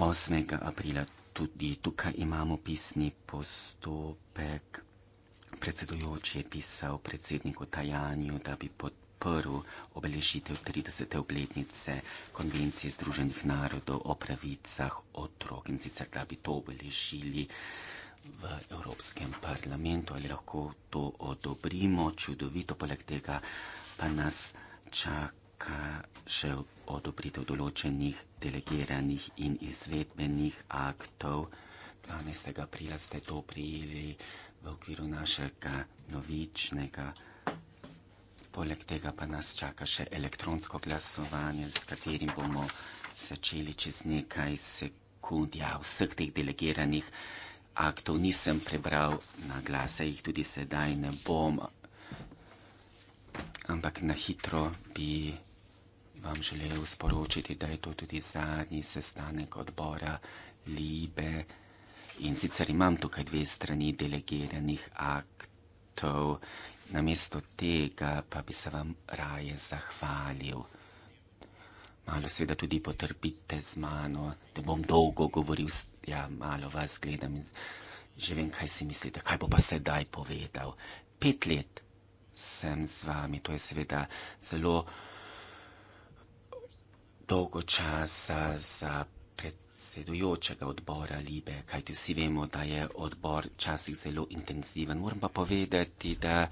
8. aprila tudi tukaj imamo pisni postopek. Predsedujoči je pisal predsedniku Tajanju, da bi podprl obeležitev 30. obletnice Konvencije Združenih narodov o pravicah otrok in sicer, da bi to obeležili v Evropskem parlamentu. Ali lahko to odobrimo? Čudovito, poleg tega pa nas čaka čaka še odobritev določenih delegiranih in izvedbenih aktov. 12. aprila ste to prijeli v okviru našega novičnega. Poleg tega pa nas čaka še elektronsko glasovanje, s katerim bomo začeli čez nekaj sekund. Ja, vseh teh delegiranih aktov nisem prebral na glase, jih tudi sedaj ne bom. Ampak na hitro bi vam želel sporočiti, da je to tudi zadnji sestanek odbora Libe. In sicer imam tukaj dve strani delegiranih aktov, namesto tega pa bi se vam raje zahvalil. Malo seveda tudi potrpite z mano, da bom dolgo govoril, ja, malo vas gledam in že vem, kaj si mislite, kaj bo pa sedaj povedal. Pet let sem z vami, to je seveda zelo dolgo časa za predsedujočega odbora Libe, kajti vsi vemo, da je odbor včasih zelo intenziven. Moram pa povedati, da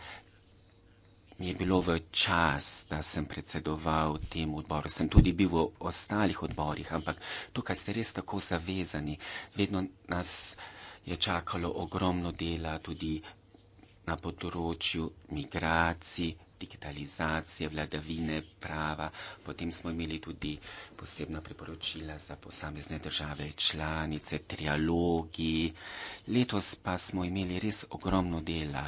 mi je bilo v čas, da sem predsedoval temu odboru. Sem tudi bil v ostalih odborih, ampak tukaj ste res tako zavezani. Vedno nas je čakalo ogromno dela tudi na področju migracij, digitalizacije, vladavine prava. Potem smo imeli tudi posebna priporočila za posamezne države članice, trialogi. Letos pa smo imeli res ogromno dela.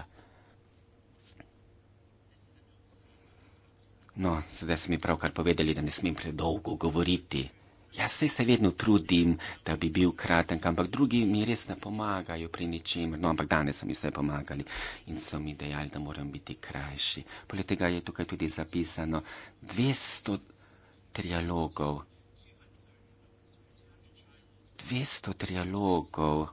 No, sedaj smo mi pravkar povedali, da ne smem predolgo govoriti. Jaz se, se vedno trudim, da bi bil kraten, ampak drugi mi res ne pomagajo pri ničemer. No, ampak danes so mi vse pomagali in so mi dejali, da moram biti krajši. Poleg tega je tukaj tudi zapisano 200 trialogov. 200 trialogov.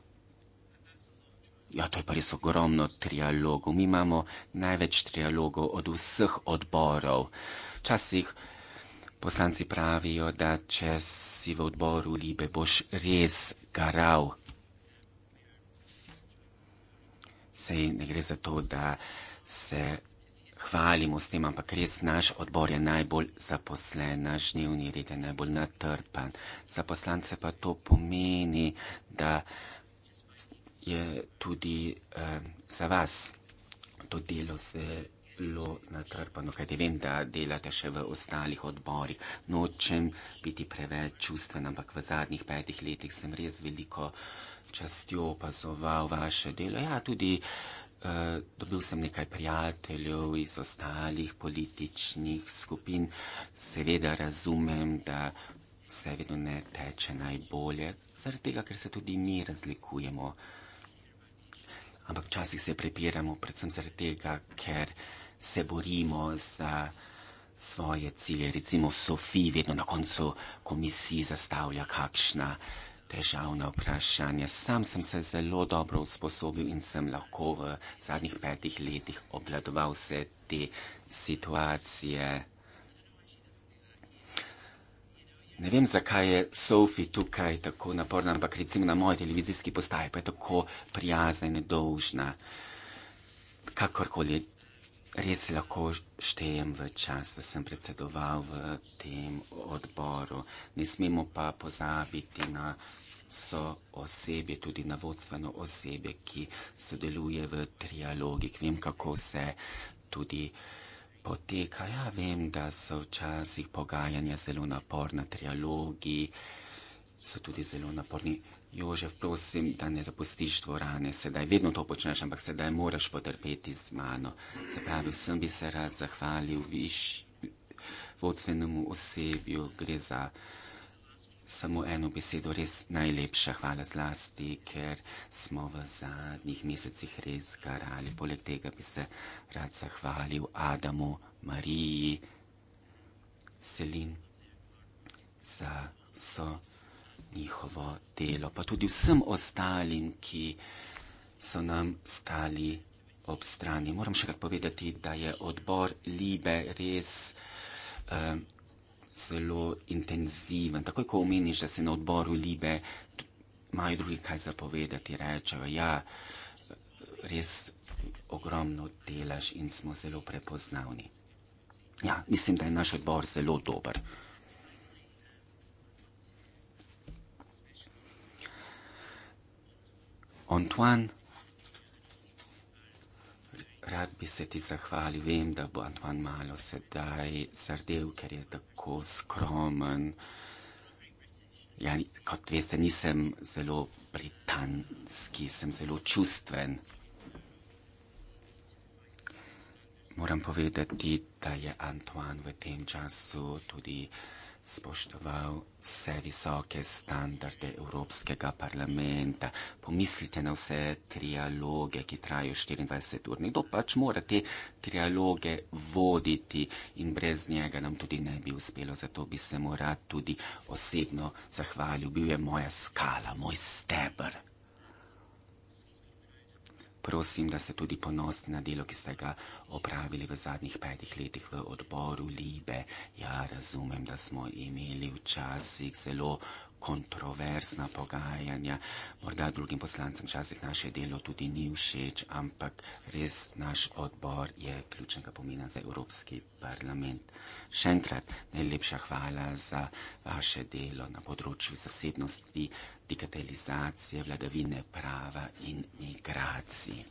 Ja, to je pa res ogromno trialogov. Mi imamo največ trialogov od vseh odborov. Včasih poslanci pravijo, da če si v odboru Libe, boš res garal. Sej ne gre za to, da se hvalimo s tem, ampak res naš odbor je najbolj zaposlen, naš dnevni red je najbolj natrpan. Za poslance pa to pomeni, da je tudi eh, za vas to delo se zelo natrpano, kaj te vem, da delate še v ostalih odborih. Nočem biti preveč čustven, ampak v zadnjih petih letih sem res veliko častjo opazoval vaše delo. Ja, tudi eh, dobil sem nekaj prijateljev iz ostalih političnih skupin. Seveda razumem, da vse vedno ne teče najbolje, zaradi tega, ker se tudi mi razlikujemo. Ampak včasih se prepiramo, predvsem zaradi tega, ker se borimo za svoje cilje. Recimo Sofija vedno na koncu komisije zastavlja kakšna težavna vprašanja. Sam sem se zelo dobro usposobil in sem lahko v zadnjih petih letih obvladoval vse te situacije. Ne vem, zakaj je Sofi tukaj tako naporna, ampak recimo na moji televizijski postaji pa je tako prijazna in nedolžna. Kakorkoli res lahko štejem v čas, da sem predsedoval v tem odboru. Ne smemo pa pozabiti na so osebe, tudi na vodstveno osebe, ki sodeluje v trialogih. Vem, kako se tudi poteka. Ja, vem, da so včasih pogajanja zelo naporna, trialogi so tudi zelo naporni. Jože, prosim, da ne zapustiš dvorane, sedaj vedno to počneš, ampak sedaj moraš potrpeti z mano. Se pravi, vsem bi se rad zahvalil viš vodstvenemu osebju, gre za samo eno besedo, res najlepša hvala zlasti, ker smo v zadnjih mesecih res garali. Poleg tega bi se rad zahvalil Adamu, Mariji, Selin, za vso. So njihovo delo, pa tudi vsem ostalim, ki so nam stali ob strani. Moram še kar povedati, da je odbor Libe res eh, zelo intenziven. Takoj, ko omeniš, da se na odboru Libe imajo drugi kaj zapovedati, rečejo, ja, res ogromno delaš in smo zelo prepoznavni. Ja, mislim, da je naš odbor zelo dober. Antoine, rad bi se ti zahvalil, vem, da bo Antoine malo sedaj zardel, ker je tako skromen. Ja, kot veste, nisem zelo britanski, sem zelo čustven. Moram povedati, da je Antoine v tem času tudi spoštoval vse visoke standarde Evropskega parlamenta. Pomislite na vse trialoge, ki trajajo 24 ur. Nekdo pač mora te trialoge voditi in brez njega nam tudi ne bi uspelo. Zato bi se mu rad tudi osebno zahvalil. Bil je moja skala, moj stebr prosim, da ste tudi ponosni na delo, ki ste ga opravili v zadnjih petih letih v odboru Libe. Ja, razumem, da smo imeli včasih zelo kontroversna pogajanja, morda drugim poslancem včasih naše delo tudi ni všeč, ampak res naš odbor je ključnega pomena za Evropski parlament. Še enkrat najlepša hvala za vaše delo na področju zasebnosti digitalizacije, vladavine prava in migracij.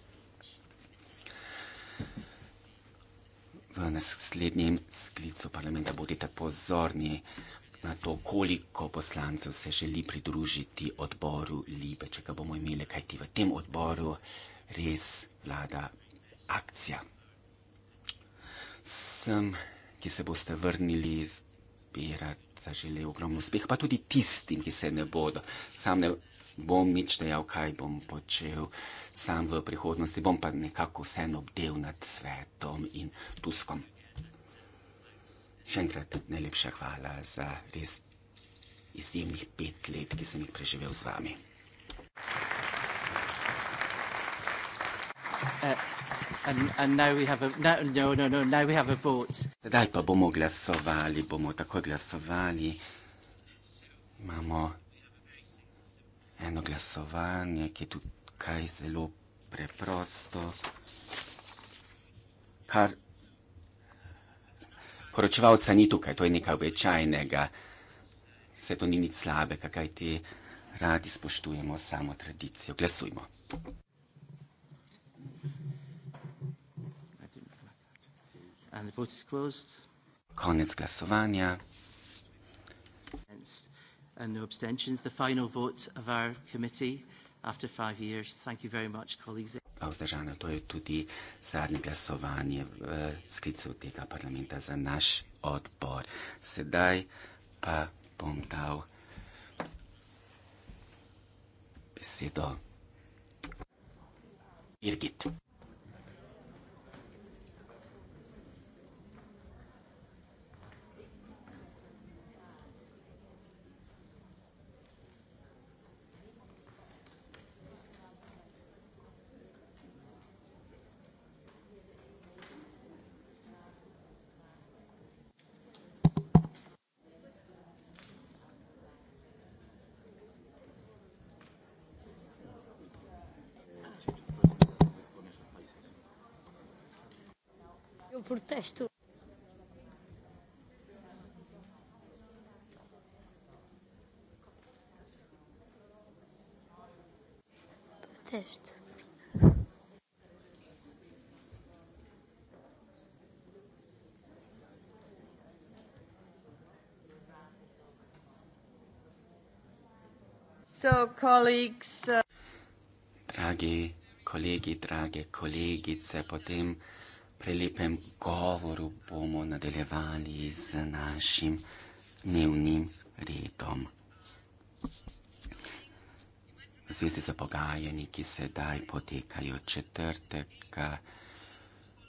V naslednjem sklicu parlamenta bodite pozorni na to, koliko poslancev se želi pridružiti odboru Libe, če ga bomo imeli, kajti v tem odboru res vlada akcija. Sem, ki se boste vrnili zbirati zaželel ogromno uspeh, pa tudi tistim, ki se ne bodo. Sam ne bom nič dejal, kaj bom počel, sam v prihodnosti bom pa nekako vseeno obdel nad svetom in tuskom. Še enkrat najlepša hvala za res izjemnih pet let, ki sem jih preživel z vami. Eh, Zdaj no, no, no, pa bomo glasovali, bomo tako glasovali. Imamo eno glasovanje, ki je tukaj zelo preprosto. Kar poročevalca ni tukaj, to je nekaj običajnega. Vse to ni nič slabega, kaj ti radi spoštujemo samo tradicijo. Glasujmo. And the vote is closed. Koniec glasovanja. And no abstentions. The final vote of our committee after five years. Thank you very much, colleagues. Vzdržano, to je tudi zadnje glasovanje v eh, sklicu tega parlamenta za naš odbor. Sedaj pa bom dal besedo Birgit. protesto. Protesto. Uh Dragi kolegi, drage kolegice, potem prelepem govoru bomo nadaljevali z našim dnevnim redom. V zvezi z pogajanji, ki sedaj potekajo četrtek,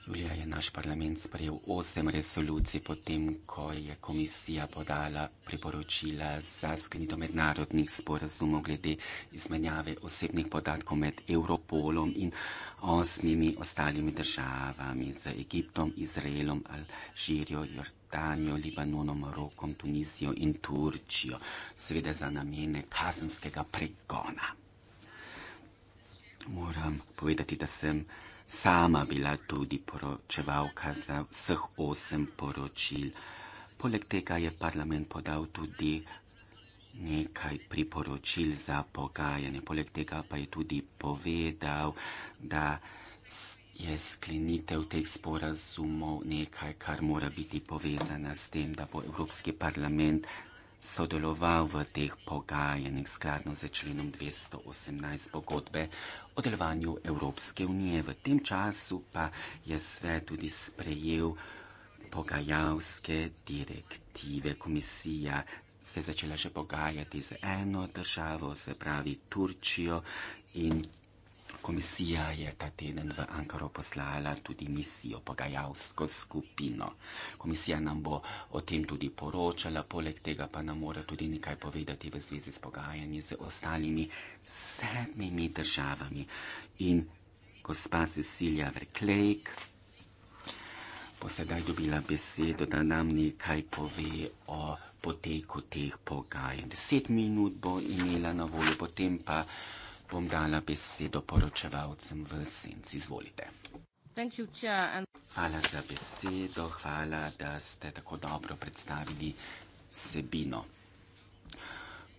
Julija je naš parlament sprejel osem resolucij, potem ko je komisija podala priporočila za sklenitev mednarodnih sporazumov glede izmenjave osebnih podatkov med Europolom in osmimi ostalimi državami z Egiptom, Izraelom, Alžirijo, Jordanijo, Libanonom, Marokom, Tunizijo in Turčijo, seveda za namene kazenskega pregona. Moram povedati, da sem sama bila tudi poročevalka za vseh osem poročil. Poleg tega je parlament podal tudi nekaj priporočil za pogajanje. Poleg tega pa je tudi povedal, da je sklenitev teh sporazumov nekaj, kar mora biti povezana s tem, da bo Evropski parlament sodeloval v teh pogajanjih skladno z členom 218 pogodbe o delovanju Evropske unije. V tem času pa je svet tudi sprejel pogajalske direktive. Komisija se je začela že pogajati z eno državo, se pravi Turčijo in Komisija je ta teden v Ankaro poslala tudi misijo, pogajalsko skupino. Komisija nam bo o tem tudi poročala, poleg tega pa nam mora tudi nekaj povedati v zvezi s pogajanji z ostalimi sedmimi državami. In gospa Cecilija Verklejk bo sedaj dobila besedo, da nam nekaj pove o poteku teh pogajanj. Deset minut bo imela na voljo, potem pa bom dala besedo poročevalcem v senci, izvolite. Hvala za besedo, hvala, da ste tako dobro predstavili sebino.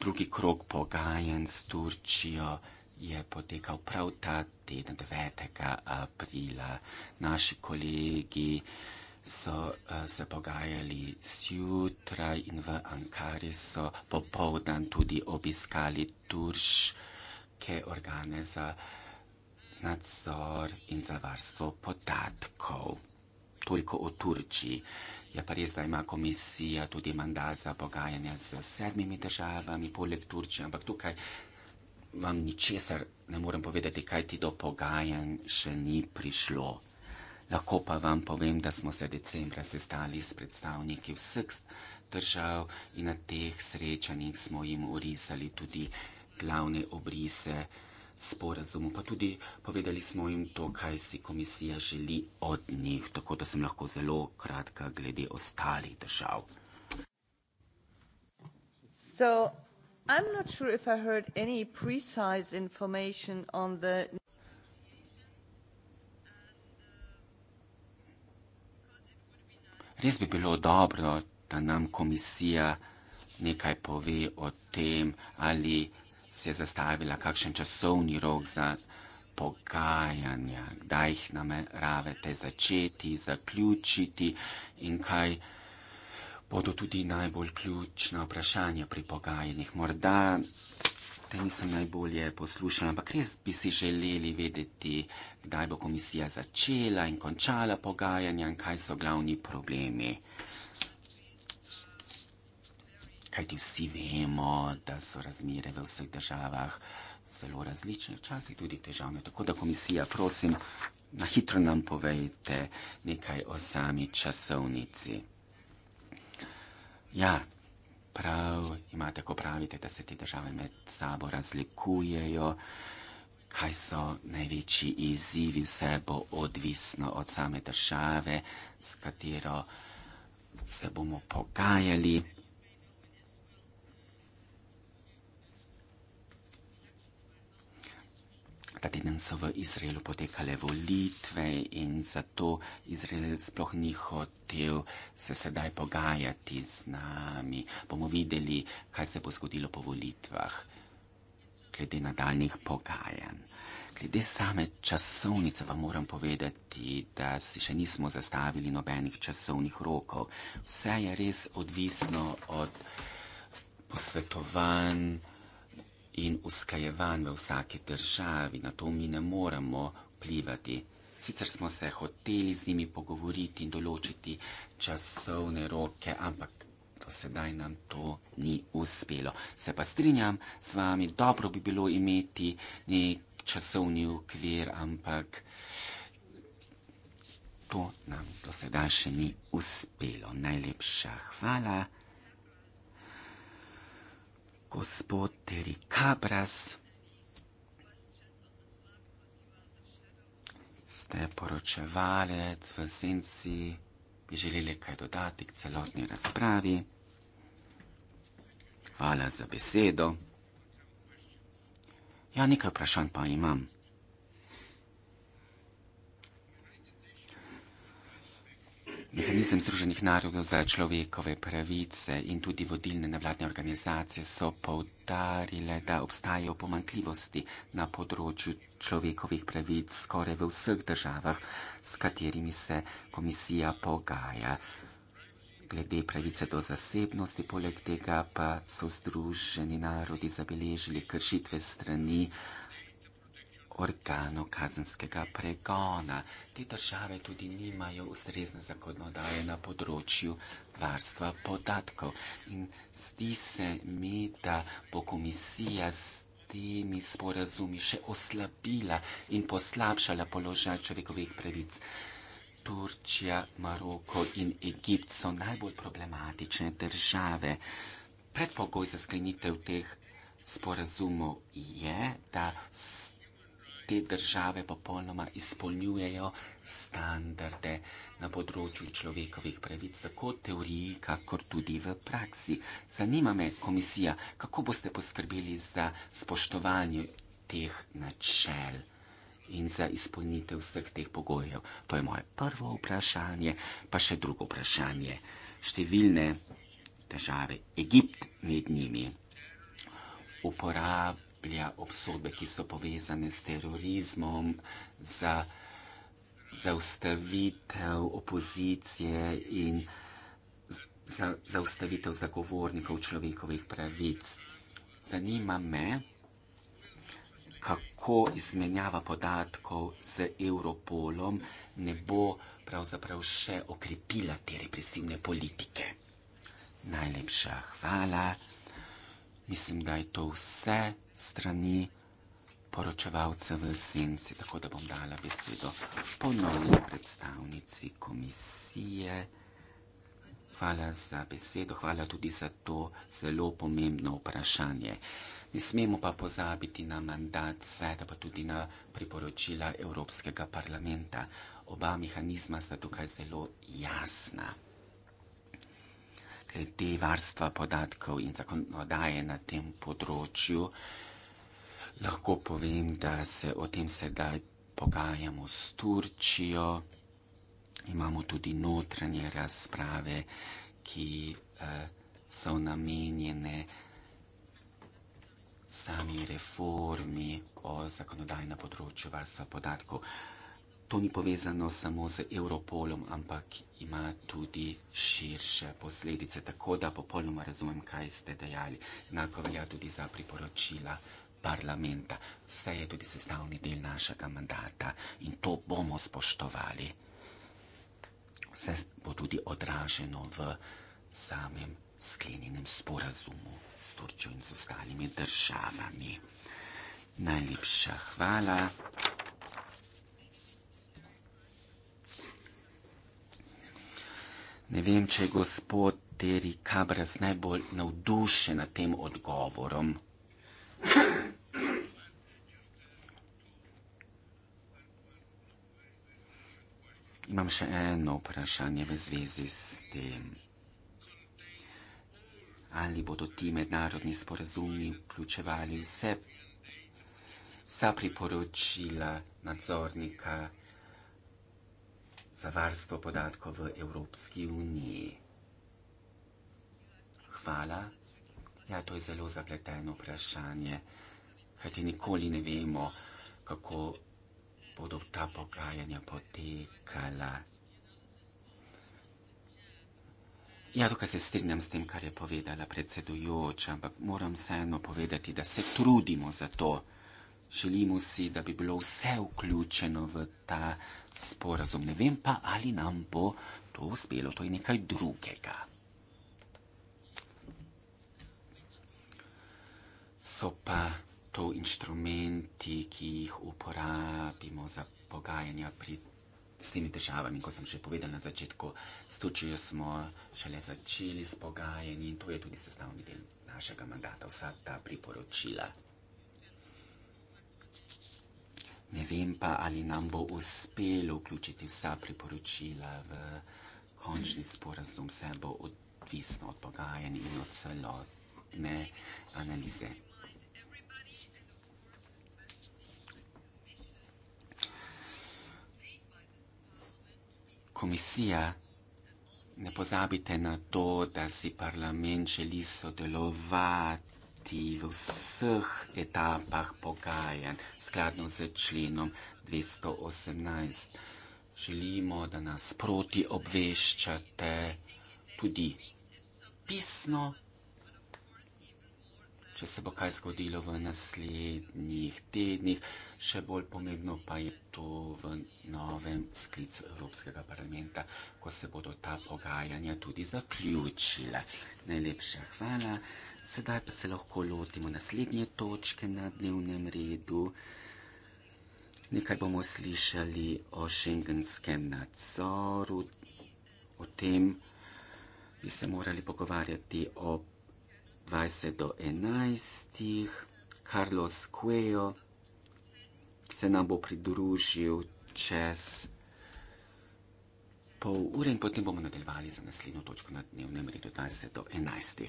Drugi krok pogajanj s Turčijo je potekal prav ta teden, 9. aprila. Naši kolegi so uh, se pogajali zjutraj in v Ankari so popoldan tudi obiskali Turčijo neke organe za nadzor in za varstvo podatkov. Toliko o Turčiji. Je pa res, da ima komisija tudi mandat za pogajanja z sedmimi državami, poleg Turčije, ampak tukaj vam ničesar ne morem povedati, kaj ti do pogajanj še ni prišlo. Lahko pa vam povem, da smo se decembra sestali s predstavniki vseh držav in na teh srečanjih smo jim urisali tudi glavne obrise sporazumu, pa tudi povedali smo jim to, kaj si komisija želi od njih, tako da sem lahko zelo kratka glede ostalih držav. So, sure the... Res bi bilo dobro, da nam komisija nekaj pove o tem, ali si je zastavila kakšen časovni rok za pogajanja, kdaj jih nameravate začeti, zaključiti in kaj bodo tudi najbolj ključna vprašanja pri pogajanjih. Morda te nisem najbolje poslušala, ampak res bi si želeli vedeti, kdaj bo komisija začela in končala pogajanja in kaj so glavni problemi kajti vsi vemo, da so razmere v vseh državah zelo različne, včasih tudi težavne. Tako da komisija, prosim, na hitro nam povejte nekaj o sami časovnici. Ja, prav imate, ko pravite, da se te države med sabo razlikujejo. Kaj so največji izzivi, vse bo odvisno od same države, s katero se bomo pogajali. Ta teden so v Izraelu potekale volitve in zato Izrael sploh ni hotel se sedaj pogajati z nami. Bomo videli, kaj se bo zgodilo po volitvah, glede nadaljnih pogajanj. Glede same časovnice vam moram povedati, da si še nismo zastavili nobenih časovnih rokov. Vse je res odvisno od posvetovanj in usklajevanj v vsaki državi, na to mi ne moremo vplivati. Sicer smo se hoteli z njimi pogovoriti in določiti časovne roke, ampak do sedaj nam to ni uspelo. Se pa strinjam z vami, dobro bi bilo imeti nek časovni ukvir, ampak to nam do sedaj še ni uspelo. Najlepša hvala gospod Teri Kapras. Ste poročevalec v senci, bi želeli kaj dodati k celotni razpravi. Hvala za besedo. Ja, nekaj vprašanj pa imam. Mehanizem Združenih narodov za človekove pravice in tudi vodilne nevladne organizacije so povdarile, da obstajajo pomankljivosti na področju človekovih pravic skoraj v vseh državah, s katerimi se komisija pogaja. Glede pravice do zasebnosti, poleg tega pa so Združeni narodi zabeležili kršitve strani organov kazenskega pregona. Te države tudi nimajo ustrezne zakonodaje na področju varstva podatkov in zdi se mi, da bo komisija s temi sporazumi še oslabila in poslabšala položaj človekovih pravic. Turčija, Maroko in Egipt so najbolj problematične države. Predpogoj za sklenitev teh sporazumov je, da te države popolnoma izpolnjujejo standarde na področju človekovih pravic, tako v teoriji, kakor tudi v praksi. Zanima me, komisija, kako boste poskrbeli za spoštovanje teh načel. In za izpolnitev vseh teh pogojev. To je moje prvo vprašanje, pa še drugo vprašanje. Številne države, Egipt med njimi, uporab, bile obsodbe, ki so povezane s terorizmom, za zaustavitev opozicije in za zaustavitev zagovornikov človekovih pravic. Zanima me, kako izmenjava podatkov z Europolom ne bo pravzaprav še okrepila te represivne politike. Najlepša hvala. Mislim, da je to vse strani poročevalce v senci, tako da bom dala besedo ponovno predstavnici komisije. Hvala za besedo, hvala tudi za to zelo pomembno vprašanje. Ne smemo pa pozabiti na mandat sveta, pa tudi na priporočila Evropskega parlamenta. Oba mehanizma sta tukaj zelo jasna glede varstva podatkov in zakonodaje na tem področju, lahko povem, da se o tem sedaj pogajamo s Turčijo. Imamo tudi notranje razprave, ki eh, so namenjene sami reformi o zakonodaji na področju varstva podatkov to ni povezano samo z Europolom, ampak ima tudi širše posledice. Tako da popolnoma razumem, kaj ste dejali. Enako velja tudi za priporočila parlamenta. Vse je tudi sestavni del našega mandata in to bomo spoštovali. Vse bo tudi odraženo v samem sklenjenem sporazumu s Turčjo in z ostalimi državami. Najlepša hvala. Ne vem, če je gospod Teri Kabras najbolj navdušen nad tem odgovorom. Imam še eno vprašanje v zvezi s tem. Ali bodo ti mednarodni sporazumi vključevali vse, vsa priporočila nadzornika? za varstvo podatkov v Evropski uniji. Hvala. Ja, to je zelo zapleteno vprašanje, kajti nikoli ne vemo, kako bodo ta pogajanja potekala. Ja, tukaj se strinjam s tem, kar je povedala predsedujoča, ampak moram vseeno povedati, da se trudimo za to. Želimo si, da bi bilo vse vključeno v ta pogajanja sporazum. Ne vem pa, ali nam bo to uspelo. To je nekaj drugega. So pa to inštrumenti, ki jih uporabimo za pogajanja pri s temi državami, ko sem že povedal na začetku, s Tučijo smo šele začeli s pogajanji in to je tudi sestavni del našega mandata, vsa ta priporočila. Ne vem pa, ali nam bo uspelo vključiti vsa priporočila v končni sporazum, vse bo odvisno od pogajanj in od celotne analize. Komisija, ne pozabite na to, da si parlament želi sodelovati biti v vseh etapah pogajanj, skladno z členom 218. Želimo, da nas proti obveščate tudi pisno, če se bo kaj zgodilo v naslednjih tednih, še bolj pomembno pa je to v novem sklicu Evropskega parlamenta, ko se bodo ta pogajanja tudi zaključila. Najlepša hvala. Sedaj pa se lahko lotimo naslednje točke na dnevnem redu. Nekaj bomo slišali o šengenskem nadzoru, o tem bi se morali pogovarjati ob 20 do 11. Carlos Cuello se nam bo pridružil čez pol ure in potem bomo nadaljevali za naslednjo točko na dnevnem redu 20 do 11.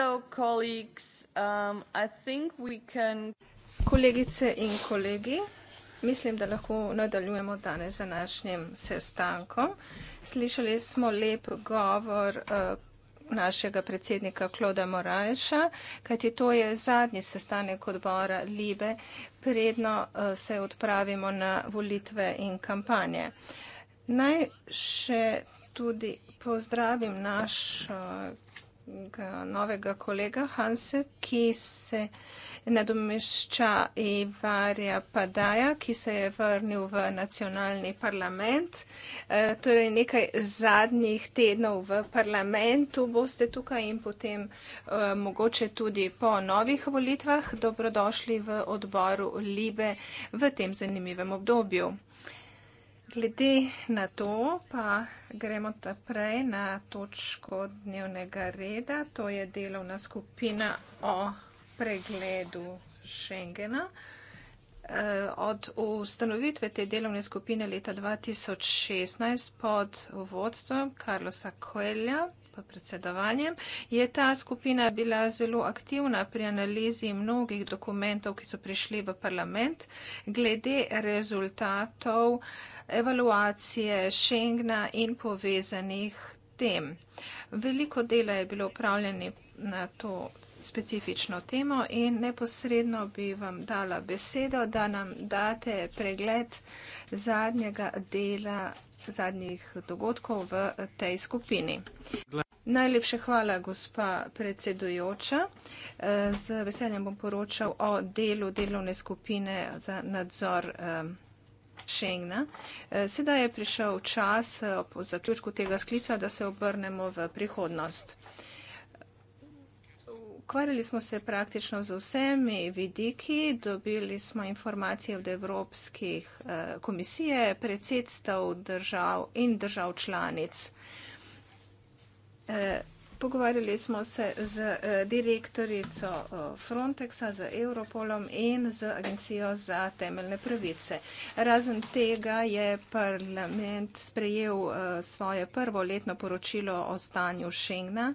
So, colleagues, um, I think we can... Kolegice in kolegi, mislim, da lahko nadaljujemo danes z našnjim sestankom. Slišali smo lep govor uh, našega predsednika Kloda Morajša, kajti to je zadnji sestanek odbora Libe, predno uh, se odpravimo na volitve in kampanje. Naj še tudi pozdravim naš uh, novega kolega Hansa, ki se nadomešča Ivarja Padaja, ki se je vrnil v nacionalni parlament. E, torej nekaj zadnjih tednov v parlamentu boste tukaj in potem e, mogoče tudi po novih volitvah dobrodošli v odboru Libe v tem zanimivem obdobju. Glede na to pa gremo naprej na točko dnevnega reda, to je delovna skupina o pregledu Schengena. Eh, od ustanovitve te delovne skupine leta 2016 pod vodstvom Karlosa Koelja pa predsedovanjem, je ta skupina bila zelo aktivna pri analizi mnogih dokumentov, ki so prišli v parlament, glede rezultatov evaluacije Schengna in povezanih tem. Veliko dela je bilo upravljeno na to specifično temo in neposredno bi vam dala besedo, da nam date pregled zadnjega dela zadnjih dogodkov v tej skupini. Najlepša hvala, gospa predsedujoča. Eh, z veseljem bom poročal o delu delovne skupine za nadzor eh, Schengna. Eh, sedaj je prišel čas po zaključku tega sklica, da se obrnemo v prihodnost. Ukvarjali smo se praktično z vsemi vidiki, dobili smo informacije od Evropskih komisije, predsedstv držav in držav članic. Eh, pogovarjali smo se z eh, direktorico eh, Frontexa, z Europolom in z Agencijo za temeljne pravice. Razen tega je parlament sprejel svoje prvo letno poročilo o stanju Schengna,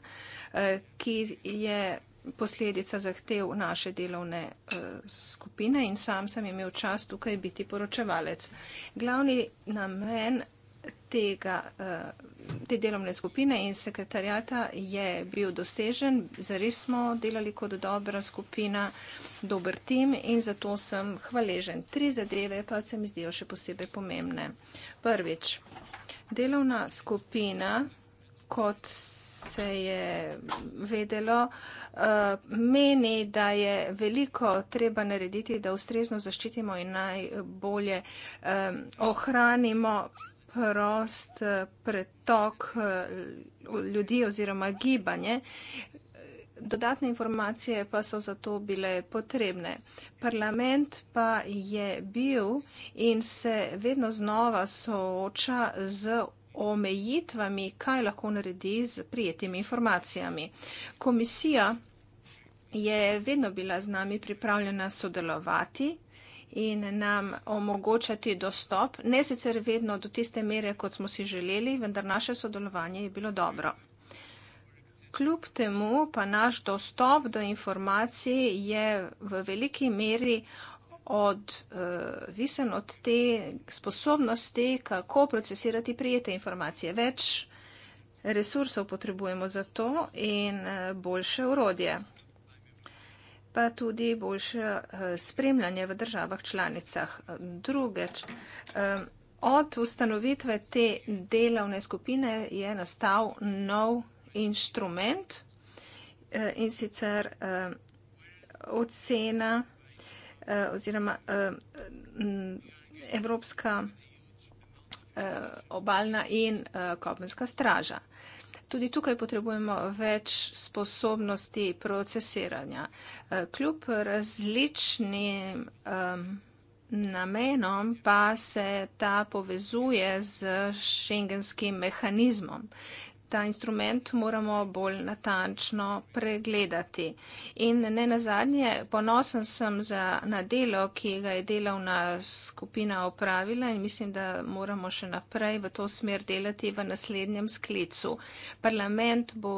ki je posledica zahtev naše delovne skupine in sam sem imel čas tukaj biti poročevalec. Glavni namen tega, eh, te delovne skupine in sekretarjata je bil dosežen. Zares smo delali kot dobra skupina, dober tim in zato sem hvaležen. Tri zadeve pa se mi zdijo še posebej pomembne. Prvič, delovna skupina, kot se je vedelo, eh, meni, da je veliko treba narediti, da ustrezno zaščitimo in najbolje eh, ohranimo prost eh, pretok eh, ljudi oziroma gibanje. Dodatne informacije pa so zato bile potrebne. Parlament pa je bil in se vedno znova sooča z omejitvami, kaj lahko naredi z prijetimi informacijami. Komisija je vedno bila z nami pripravljena sodelovati in nam omogočati dostop, ne sicer vedno do tiste mere, kot smo si želeli, vendar naše sodelovanje je bilo dobro. Kljub temu pa naš dostop do informacij je v veliki meri odvisen eh, od te sposobnosti, kako procesirati prijete informacije. Več resursov potrebujemo za to in eh, boljše urodje pa tudi boljše eh, spremljanje v državah članicah. Drugeč, eh, od ustanovitve te delovne skupine je nastal nov inštrument eh, in sicer ocena oziroma Evropska obaljna in kopenska straža. Tudi tukaj potrebujemo več sposobnosti procesiranja. Eh, kljub različnim um, namenom pa se ta povezuje z šengenskim mehanizmom, ta instrument moramo bolj natančno pregledati. In ne nazadnje, ponosen sem za nadelo, ki ga je delovna skupina opravila in mislim, da moramo še naprej v to smer delati v naslednjem sklicu. Parlament bo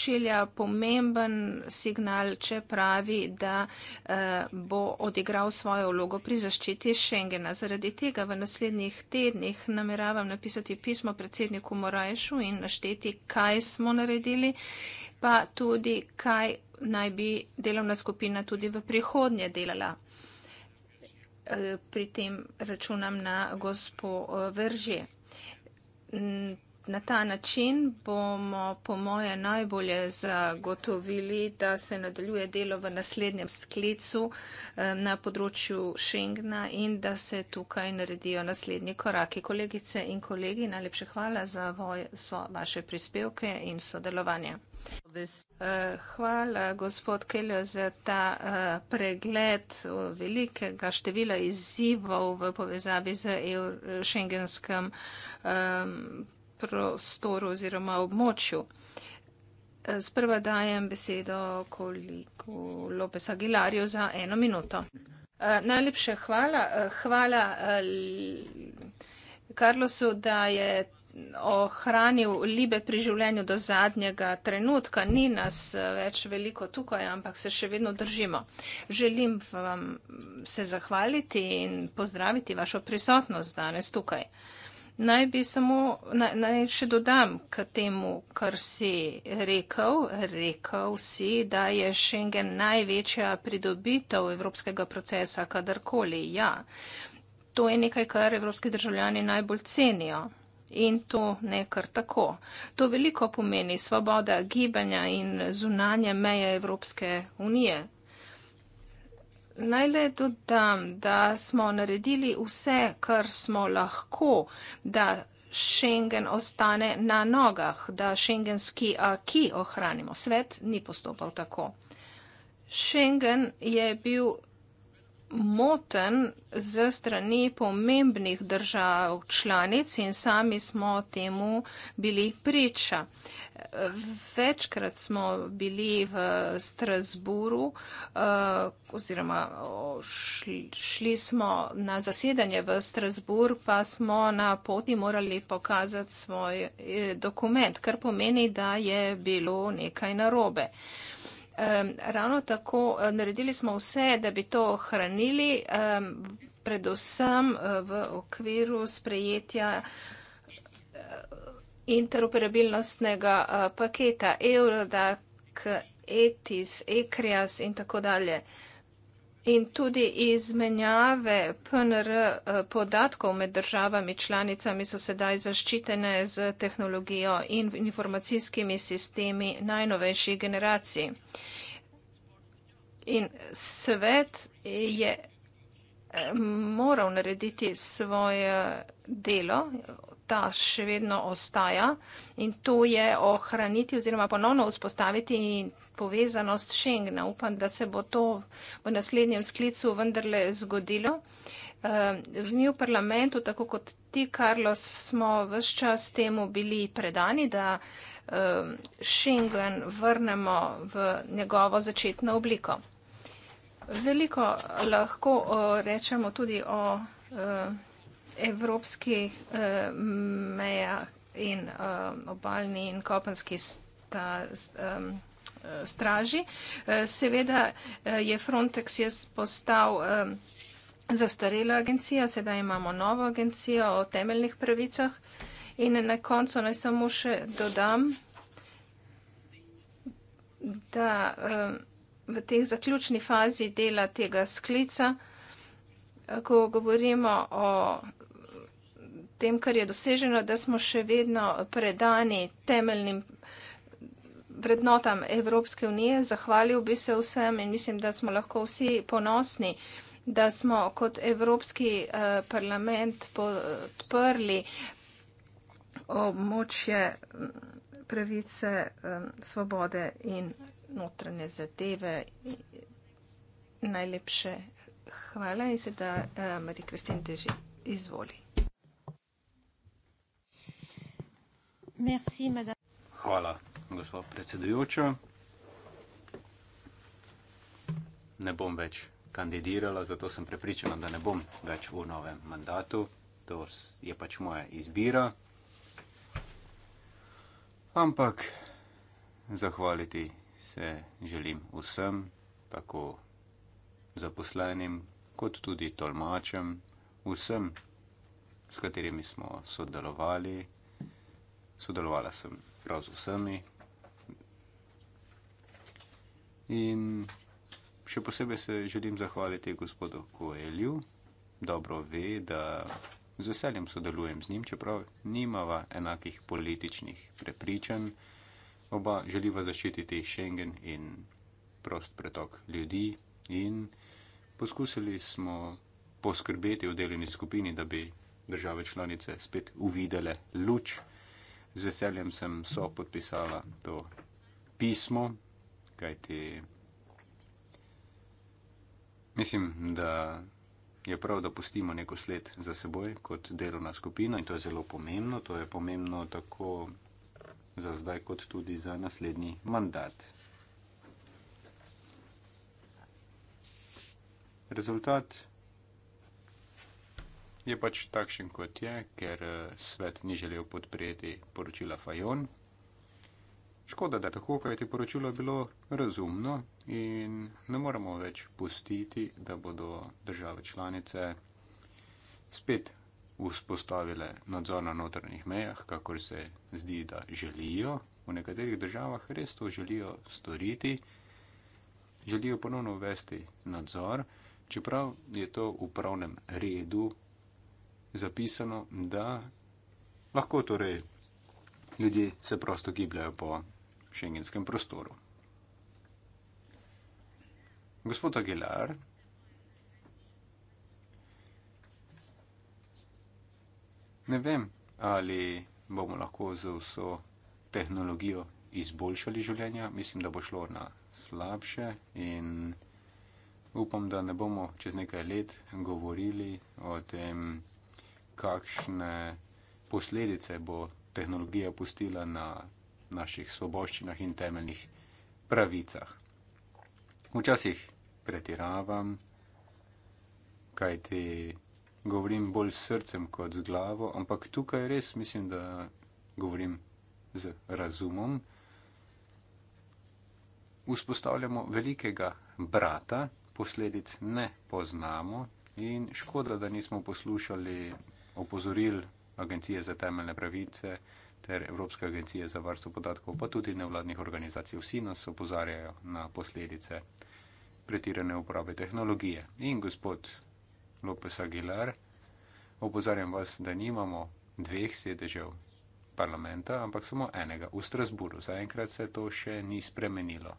šilja pomemben signal, če pravi, da eh, bo odigral svojo vlogo pri zaščiti Schengena. Zaradi tega v naslednjih tednih nameravam napisati pismo predsedniku Morajšu in našteti, naredili, kaj smo naredili, pa tudi, kaj naj bi delovna skupina tudi v prihodnje delala. E, pri tem računam na gospo e, Vrže na ta način bomo po moje najbolje zagotovili, da se nadaljuje delo v naslednjem sklicu eh, na področju Schengna in da se tukaj naredijo naslednji koraki. Kolegice in kolegi, najlepše hvala za vaše prispevke in sodelovanje. Eh, hvala, gospod Keljo, za ta eh, pregled velikega števila izzivov v povezavi z Schengenskem prostoru oziroma območju. Eh, Sprva dajem besedo koliko Lopes Aguilarju za eno minuto. Eh, Najlepše hvala. Eh, hvala Karlosu, da je ohranil libe pri življenju do zadnjega trenutka. Ni nas več veliko tukaj, ampak se še vedno držimo. Želim vam se zahvaliti in pozdraviti vašo prisotnost danes tukaj. Naj bi samo, naj, naj še dodam k temu, kar si rekel. Rekel si, da je Schengen največja pridobitev evropskega procesa kadarkoli. Ja, to je nekaj, kar evropski državljani najbolj cenijo. In to ne kar tako. To veliko pomeni svoboda gibanja in zunanje meje Evropske unije naj le dodam, da smo naredili vse, kar smo lahko, da Schengen ostane na nogah, da šengenski aki ohranimo. Svet ni postopal tako. Schengen je bil moten z strani pomembnih držav članic in sami smo temu bili priča. Večkrat smo bili v Strasburu eh, oziroma šli, šli smo na zasedanje v Strasbur, pa smo na poti morali pokazati svoj eh, dokument, kar pomeni, da je bilo nekaj narobe ravno tako eh, naredili smo vse, da bi to ohranili, predvsem eh, v okviru sprejetja eh, interoperabilnostnega paketa EURODAC, ETIS, ECRIAS in tako dalje. In tudi izmenjave PNR eh, podatkov med državami članicami so sedaj zaščitene z tehnologijo in informacijskimi sistemi najnovejših generacij. In svet je eh, moral narediti svoje delo, ta še vedno ostaja, in to je ohraniti oziroma ponovno vzpostaviti povezanost Schengna. Upam, da se bo to v naslednjem sklicu vendarle zgodilo. Ehm, mi v parlamentu, tako kot ti, Carlos, smo vse čas temu bili predani, da ehm, Schengen vrnemo v njegovo začetno obliko. Veliko lahko rečemo tudi o eh, evropskih eh, mejah in eh, obalni in kopenski stavbi. Eh, straži. Eh, seveda eh, je Frontex je postal zastarela agencija, sedaj imamo novo agencijo o temeljnih pravicah in na koncu naj samo še dodam, da v teh zaključni fazi dela tega sklica, ko govorimo o tem, kar je doseženo, da smo še vedno predani temeljnim pravicam, vrednotam Evropske unije. Zahvalil bi se vsem in mislim, da smo lahko vsi ponosni, da smo kot Evropski eh, parlament podprli območje mm, pravice, eh, svobode in notranje zadeve. Najlepše hvala in sedaj eh, Marija Kristin teži izvoli. Merci, madame. Voilà gospa predsedujoča. Ne bom več kandidirala, zato sem prepričana, da ne bom več v novem mandatu. To je pač moja izbira. Ampak zahvaliti se želim vsem, tako zaposlenim, kot tudi tolmačem, vsem, s katerimi smo sodelovali. Sodelovala sem prav z vsemi, In še posebej se želim zahvaliti gospodu Koelju. Dobro ve, da z veseljem sodelujem z njim, čeprav nimava enakih političnih prepričanj. Oba želiva zaščititi Schengen in prost pretok ljudi in poskusili smo poskrbeti v deljeni skupini, da bi države članice spet uvidele luč. Z veseljem sem so podpisala to pismo, kaj ti. Mislim, da je prav, da pustimo neko sled za seboj kot delovna skupina in to je zelo pomembno. To je pomembno tako za zdaj, kot tudi za naslednji mandat. Rezultat je pač takšen, kot je, ker eh, svet ni želel podpreti poročila Fajon, Škoda, da tako, kaj ti poročilo je bilo razumno in ne moramo več pustiti, da bodo države članice spet vzpostavile nadzor na notranjih mejah, kakor se zdi, da želijo. V nekaterih državah res to želijo storiti, želijo ponovno uvesti nadzor, čeprav je to v pravnem redu zapisano, da lahko torej ljudje se prosto gibljajo po šengenskem prostoru. Gospod Aguilar, ne vem, ali bomo lahko z vso tehnologijo izboljšali življenja. Mislim, da bo šlo na slabše in upam, da ne bomo čez nekaj let govorili o tem, kakšne posledice bo tehnologija pustila na naših svoboščinah in temeljnih pravicah. Včasih pretiravam, kaj ti govorim bolj s srcem kot z glavo, ampak tukaj res mislim, da govorim z razumom. Vzpostavljamo velikega brata, posledic ne poznamo in škoda, da nismo poslušali opozoril Agencije za temeljne pravice ter Evropske agencije za varstvo podatkov, pa tudi nevladnih organizacij. Vsi nas opozarjajo na posledice pretirane uporabe tehnologije. In gospod Lopes Aguilar, opozarjam vas, da nimamo dveh sedežev parlamenta, ampak samo enega v Strasburu. Zaenkrat se to še ni spremenilo.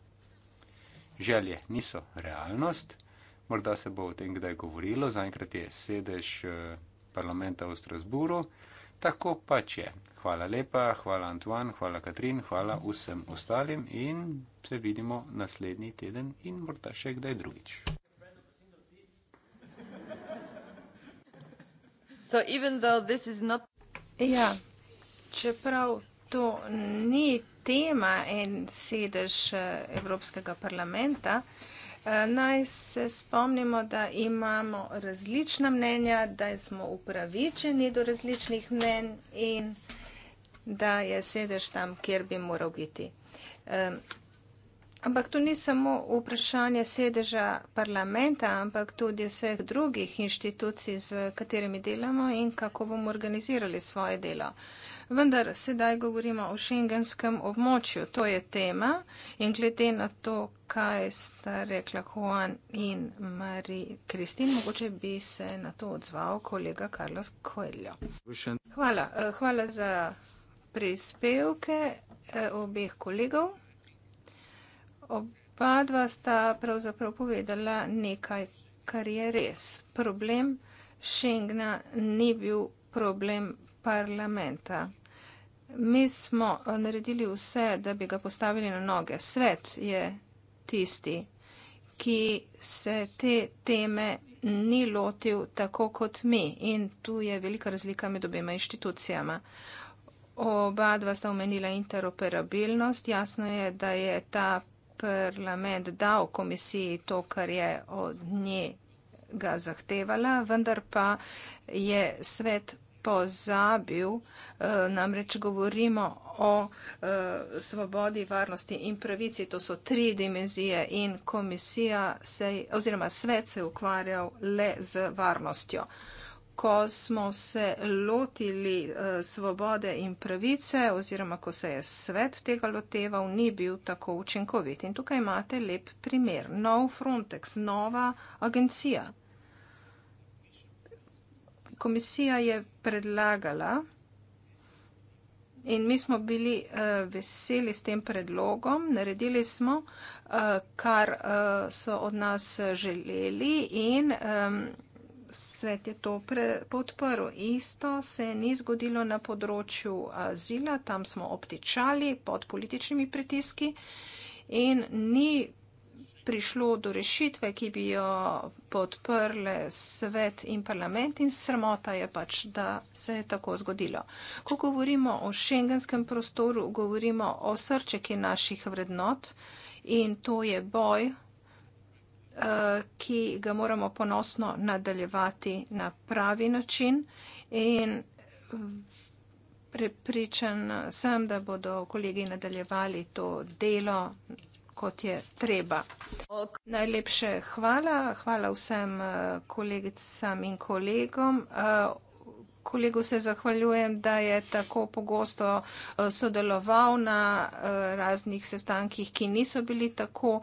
Želje niso realnost, morda se bo o tem kdaj govorilo, zaenkrat je sedež. Uh, parlamenta v Strasburu. Tako pač je. Hvala lepa, hvala Antoine, hvala Katrin, hvala vsem ostalim in se vidimo naslednji teden in morda še kdaj drugič. So, not... ja, čeprav to ni tema en sedež eh, Evropskega parlamenta, Eh, naj se spomnimo, da imamo različna mnenja, da smo upravičeni do različnih mnen in da je sedež tam, kjer bi moral biti. Ampak to ni samo vprašanje sedeža parlamenta, ampak tudi vseh drugih inštitucij, z katerimi delamo in kako bomo organizirali svoje delo vendar sedaj govorimo o šengenskem območju. To je tema in glede na to, kaj sta rekla Juan in Marie Kristin, mogoče bi se na to odzval kolega Carlos Coelho. Hvala. Eh, hvala za prispevke eh, obeh kolegov. Oba dva sta pravzaprav povedala nekaj, kar je res. Problem Schengna ni bil problem parlamenta. Mi smo eh, naredili vse, da bi ga postavili na noge. Svet je tisti, ki se te teme ni lotil tako kot mi in tu je velika razlika med obema inštitucijama. Oba dva sta omenila interoperabilnost. Jasno je, da je ta parlament dal komisiji to, kar je od nje ga zahtevala, vendar pa je svet pozabil, eh, namreč govorimo o eh, svobodi, varnosti in pravici. To so tri dimenzije in komisija se, oziroma svet se je ukvarjal le z varnostjo. Ko smo se lotili eh, svobode in pravice, oziroma ko se je svet tega loteval, ni bil tako učinkovit. In tukaj imate lep primer. Nov Frontex, nova agencija komisija je predlagala in mi smo bili uh, veseli s tem predlogom, naredili smo, uh, kar uh, so od nas želeli in um, svet je to pre, podprl. Isto se ni zgodilo na področju azila, tam smo optičali pod političnimi pritiski in ni prišlo do rešitve, ki bi jo podprle svet in parlament in sramota je pač, da se je tako zgodilo. Ko govorimo o šengenskem prostoru, govorimo o srčeki naših vrednot in to je boj, eh, ki ga moramo ponosno nadaljevati na pravi način in prepričan sem, da bodo kolegi nadaljevali to delo kot je treba. Najlepše hvala, hvala vsem eh, kolegicam in kolegom. Eh, kolegu se zahvaljujem, da je tako pogosto eh, sodeloval na raznih sestankih, ki niso bili tako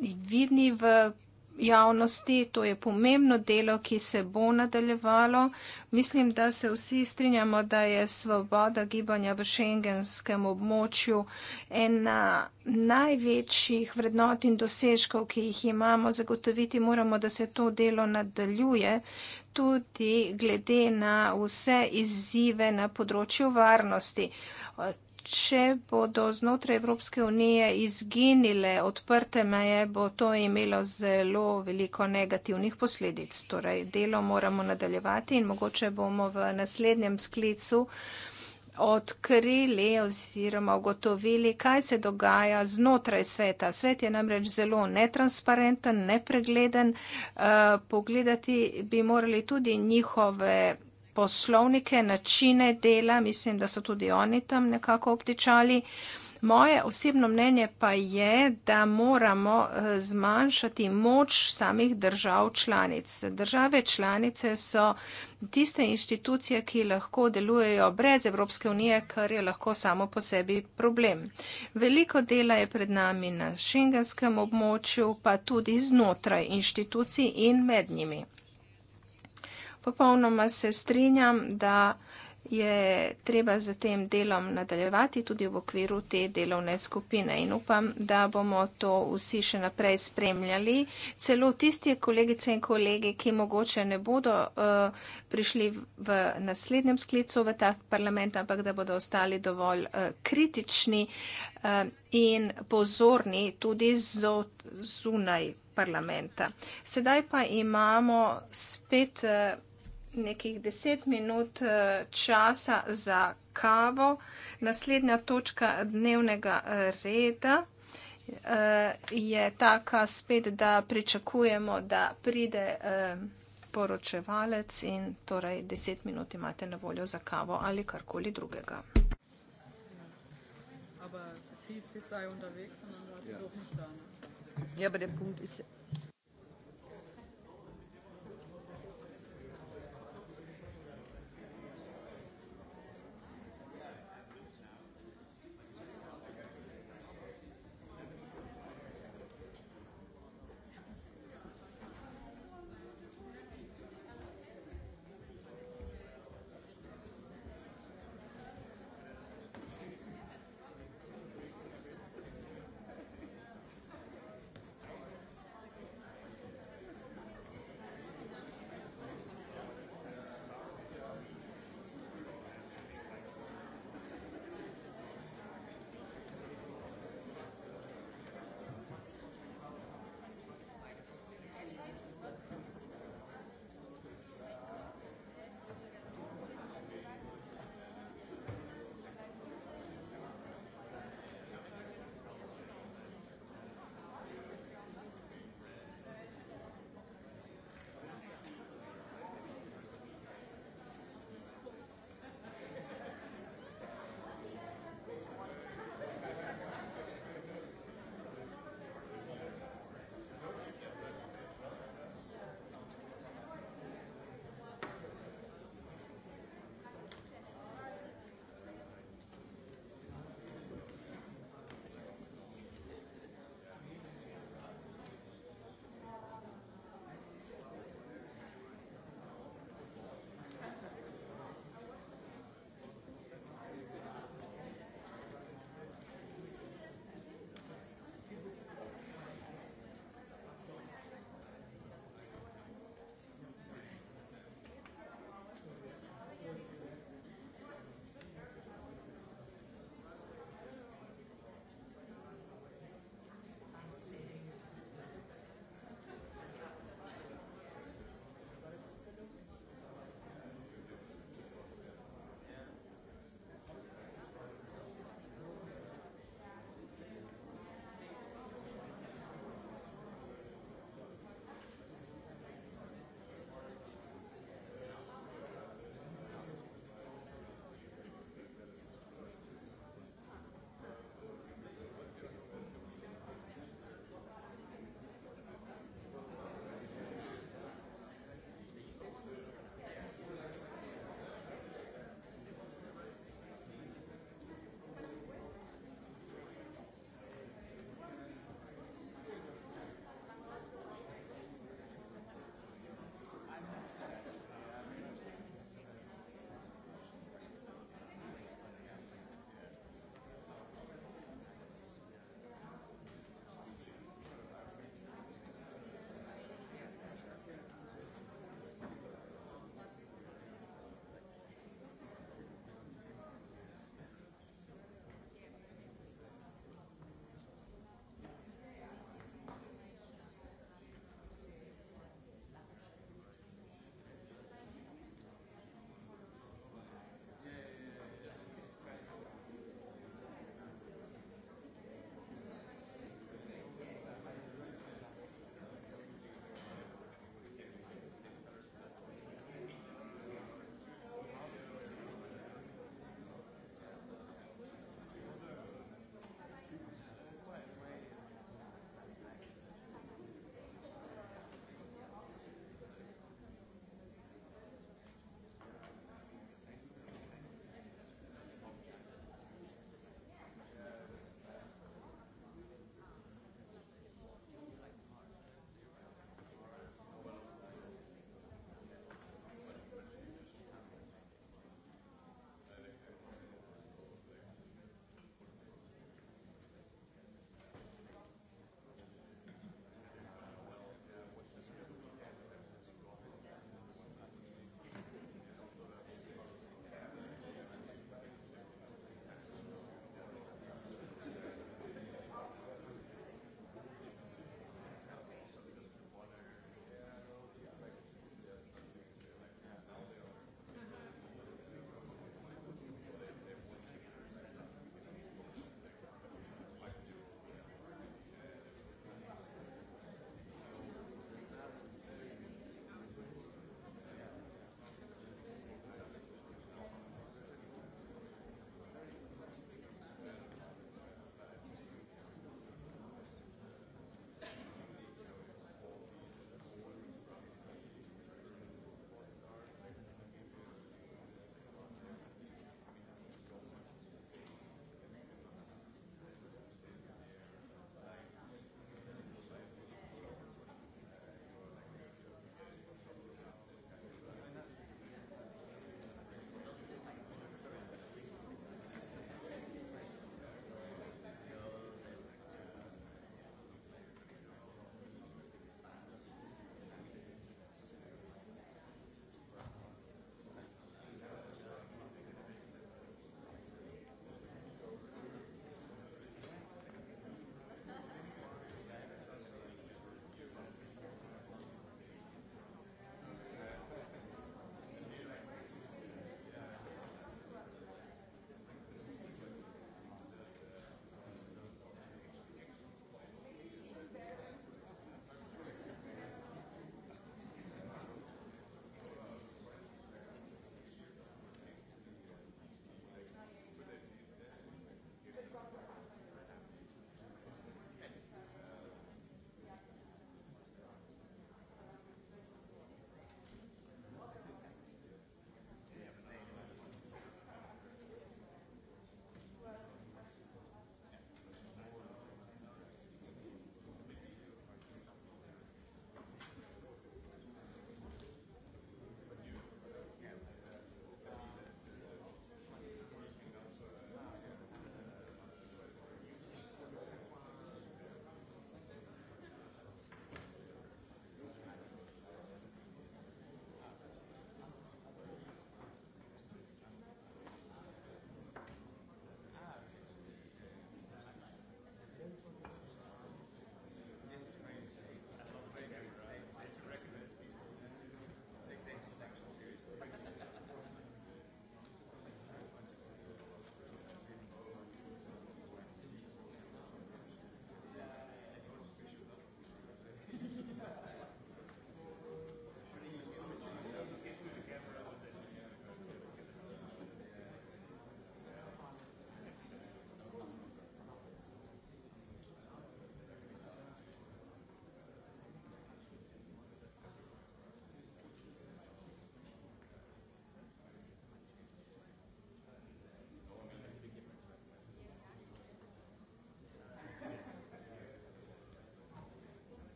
vidni v javnosti. To je pomembno delo, ki se bo nadaljevalo. Mislim, da se vsi strinjamo, da je svoboda gibanja v šengenskem območju ena največjih vrednot in dosežkov, ki jih imamo. Zagotoviti moramo, da se to delo nadaljuje tudi glede na vse izzive na področju varnosti če bodo znotraj Evropske unije izginile odprte meje, bo to imelo zelo veliko negativnih posledic. Torej, delo moramo nadaljevati in mogoče bomo v naslednjem sklicu odkrili oziroma ugotovili, kaj se dogaja znotraj sveta. Svet je namreč zelo netransparenten, nepregleden. Uh, pogledati bi morali tudi njihove poslovnike, načine dela, mislim, da so tudi oni tam nekako obtičali. Moje osebno mnenje pa je, da moramo eh, zmanjšati moč samih držav članic. Države članice so tiste inštitucije, ki lahko delujejo brez Evropske unije, kar je lahko samo po sebi problem. Veliko dela je pred nami na šengenskem območju, pa tudi znotraj inštitucij in med njimi. Popolnoma se strinjam, da je treba z tem delom nadaljevati tudi v okviru te delovne skupine in upam, da bomo to vsi še naprej spremljali. Celo tisti kolegice in kolege, ki mogoče ne bodo uh, prišli v naslednjem sklicu v ta parlament, ampak da bodo ostali dovolj uh, kritični uh, in pozorni tudi zunaj parlamenta. Sedaj pa imamo spet. Uh, nekih deset minut eh, časa za kavo. Naslednja točka dnevnega eh, reda eh, je taka spet, da pričakujemo, da pride poročevalec in torej deset minut imate na voljo za kavo ali karkoli drugega. Ja, ampak ja, der Punkt ist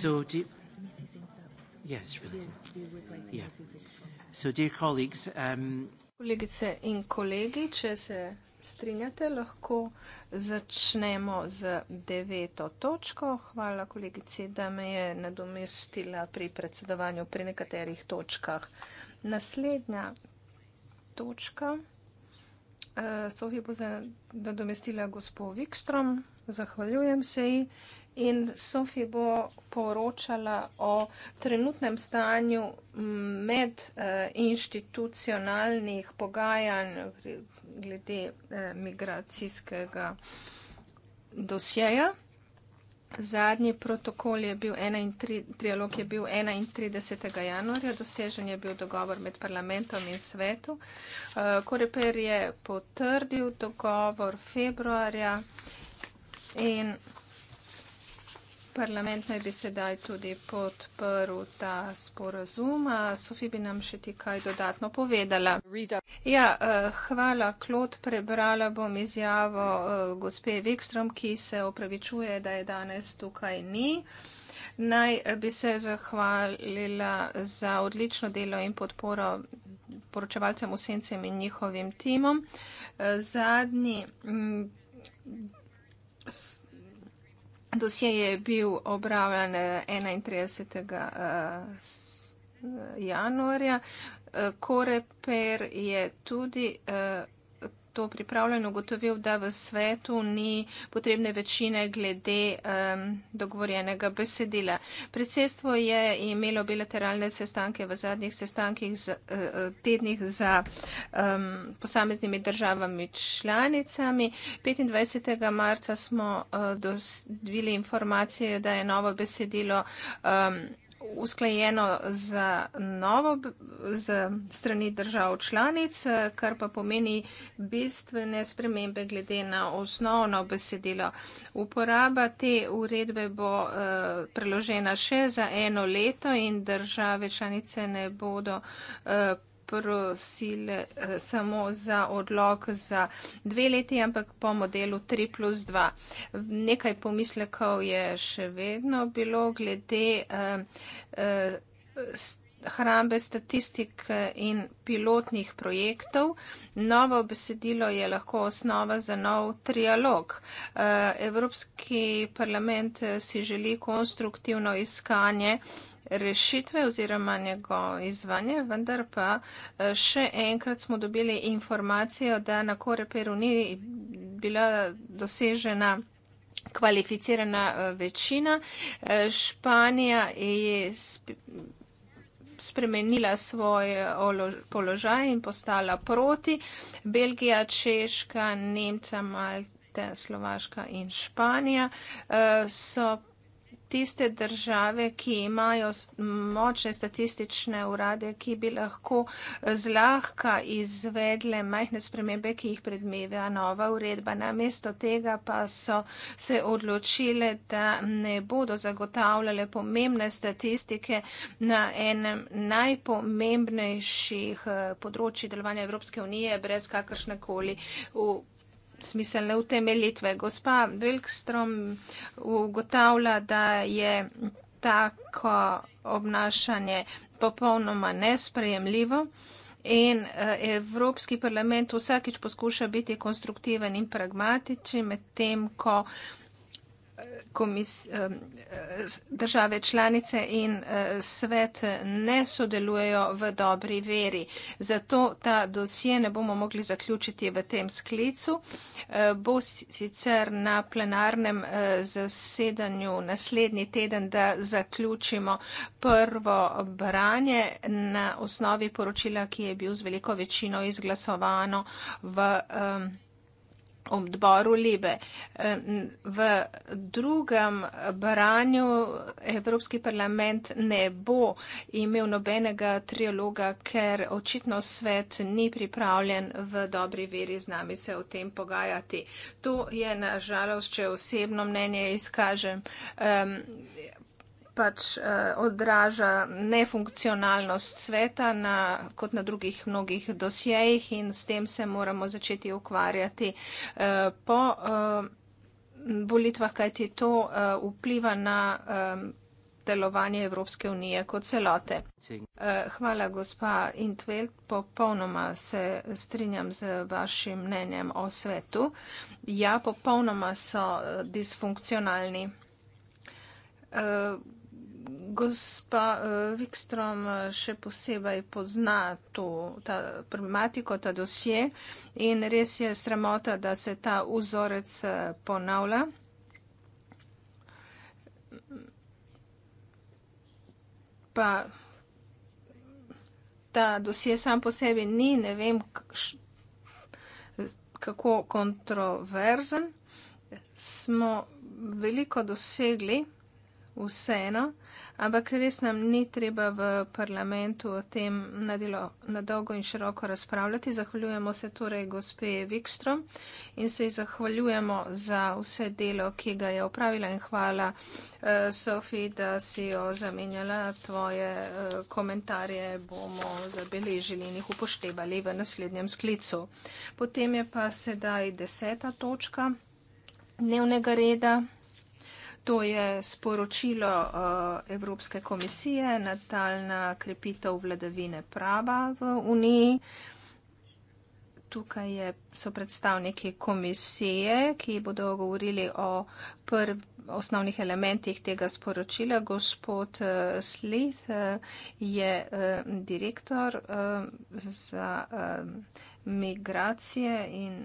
So do Yes, So dear colleagues, um Kolegice in kolegi, če se strinjate, lahko začnemo z deveto točko. Hvala kolegici, da me je nadomestila pri predsedovanju pri nekaterih točkah. Naslednja točka. Eh, Sofija bo nadomestila gospo Vikstrom. Zahvaljujem se ji. In Sofi bo poročala o trenutnem stanju med eh, inštitucionalnih pogajanj glede eh, migracijskega dosjeja. Zadnji protokol je bil, trialog je bil 31. januarja, dosežen je bil dogovor med parlamentom in svetu. Eh, Koreper je potrdil dogovor februarja. In parlament naj bi sedaj tudi podprl ta sporazum. Sofi bi nam še ti kaj dodatno povedala. Ja, eh, hvala, Klod. Prebrala bom izjavo eh, gospe Vikstrom, ki se opravičuje, da je danes tukaj ni. Naj eh, bi se zahvalila za odlično delo in podporo poročevalcem, usencem in njihovim timom. Zadnji mm, dosje je bil obravljan 31. Eh, eh, eh, januarja. Koreper je tudi to pripravljen, ugotovil, da v svetu ni potrebne večine glede um, dogovorjenega besedila. Predsedstvo je imelo bilateralne sestanke v zadnjih sestankih z, uh, tednih z um, posameznimi državami članicami. 25. marca smo uh, e, dobili informacije, da je novo besedilo. Um, usklajeno z novo, z strani držav članic, kar pa pomeni bistvene spremembe glede na osnovno besedilo. Uporaba te uredbe bo uh, preložena še za eno leto in države članice ne bodo uh, prosile eh, samo za odlog za dve leti, ampak po modelu 3 plus 2. Nekaj pomislekov je še vedno bilo glede eh, eh, hrambe statistik in pilotnih projektov. Novo besedilo je lahko osnova za nov trialog. Evropski parlament si želi konstruktivno iskanje rešitve oziroma njegovo izvanje, vendar pa eh, še enkrat smo dobili informacijo, da na Koreperu ni bila dosežena kvalificirana eh, večina. Eh, Španija je spremenila svoj položaj in postala proti. Belgija, Češka, Nemca, Malta, Slovaška in Španija so tiste države, ki imajo močne statistične urade, ki bi lahko eh, zlahka izvedle majhne spremembe, ki jih predmeva nova uredba. Namesto tega pa so se odločile, da ne bodo zagotavljale pomembne statistike na enem najpomembnejših eh, področji delovanja Evropske unije brez kakršnekoli uporabe smiselne utemeljitve. Gospa Vilkstrom ugotavlja, da je tako obnašanje popolnoma nesprejemljivo in eh, Evropski parlament vsakič poskuša biti konstruktiven in pragmatičen, medtem ko komis, države članice in e, svet ne sodelujejo v dobri veri. Zato ta dosje ne bomo mogli zaključiti v tem sklicu. E, bo sicer na plenarnem e, zasedanju naslednji teden, da zaključimo prvo branje na osnovi poročila, ki je bil z veliko večino izglasovano v. Um, odboru Libe. V drugem branju Evropski parlament ne bo imel nobenega trialoga, ker očitno svet ni pripravljen v dobri veri z nami se o tem pogajati. To je nažalost, če osebno mnenje izkažem, pač uh, odraža nefunkcionalnost sveta na, kot na drugih mnogih dosjejih in s tem se moramo začeti ukvarjati uh, po uh, volitvah, kajti to uh, vpliva na. Um, delovanje Evropske unije kot celote. Hvala, gospa Intveld, popolnoma se strinjam z vašim mnenjem o svetu. Ja, popolnoma so disfunkcionalni gospa Vikstrom eh, eh, še posebej pozna to, ta problematiko, ta dosje in res je sramota, da se ta vzorec eh, ponavlja. Pa ta dosje sam po sebi ni, ne vem, kako kontroverzen. Smo veliko dosegli, vseeno ampak res nam ni treba v parlamentu o tem nadelo, nadolgo in široko razpravljati. Zahvaljujemo se torej gospe Vikstrom in se ji zahvaljujemo za vse delo, ki ga je opravila in hvala uh, Sofi, da si jo zamenjala. Tvoje uh, komentarje bomo zabeležili in jih upoštevali v naslednjem sklicu. Potem je pa sedaj deseta točka dnevnega reda. To je sporočilo uh, Evropske komisije, nadaljna krepitev vladavine prava v Uniji. Tukaj je, so predstavniki komisije, ki bodo govorili o prv, osnovnih elementih tega sporočila. Gospod uh, Slith uh, je uh, direktor uh, za uh, migracije in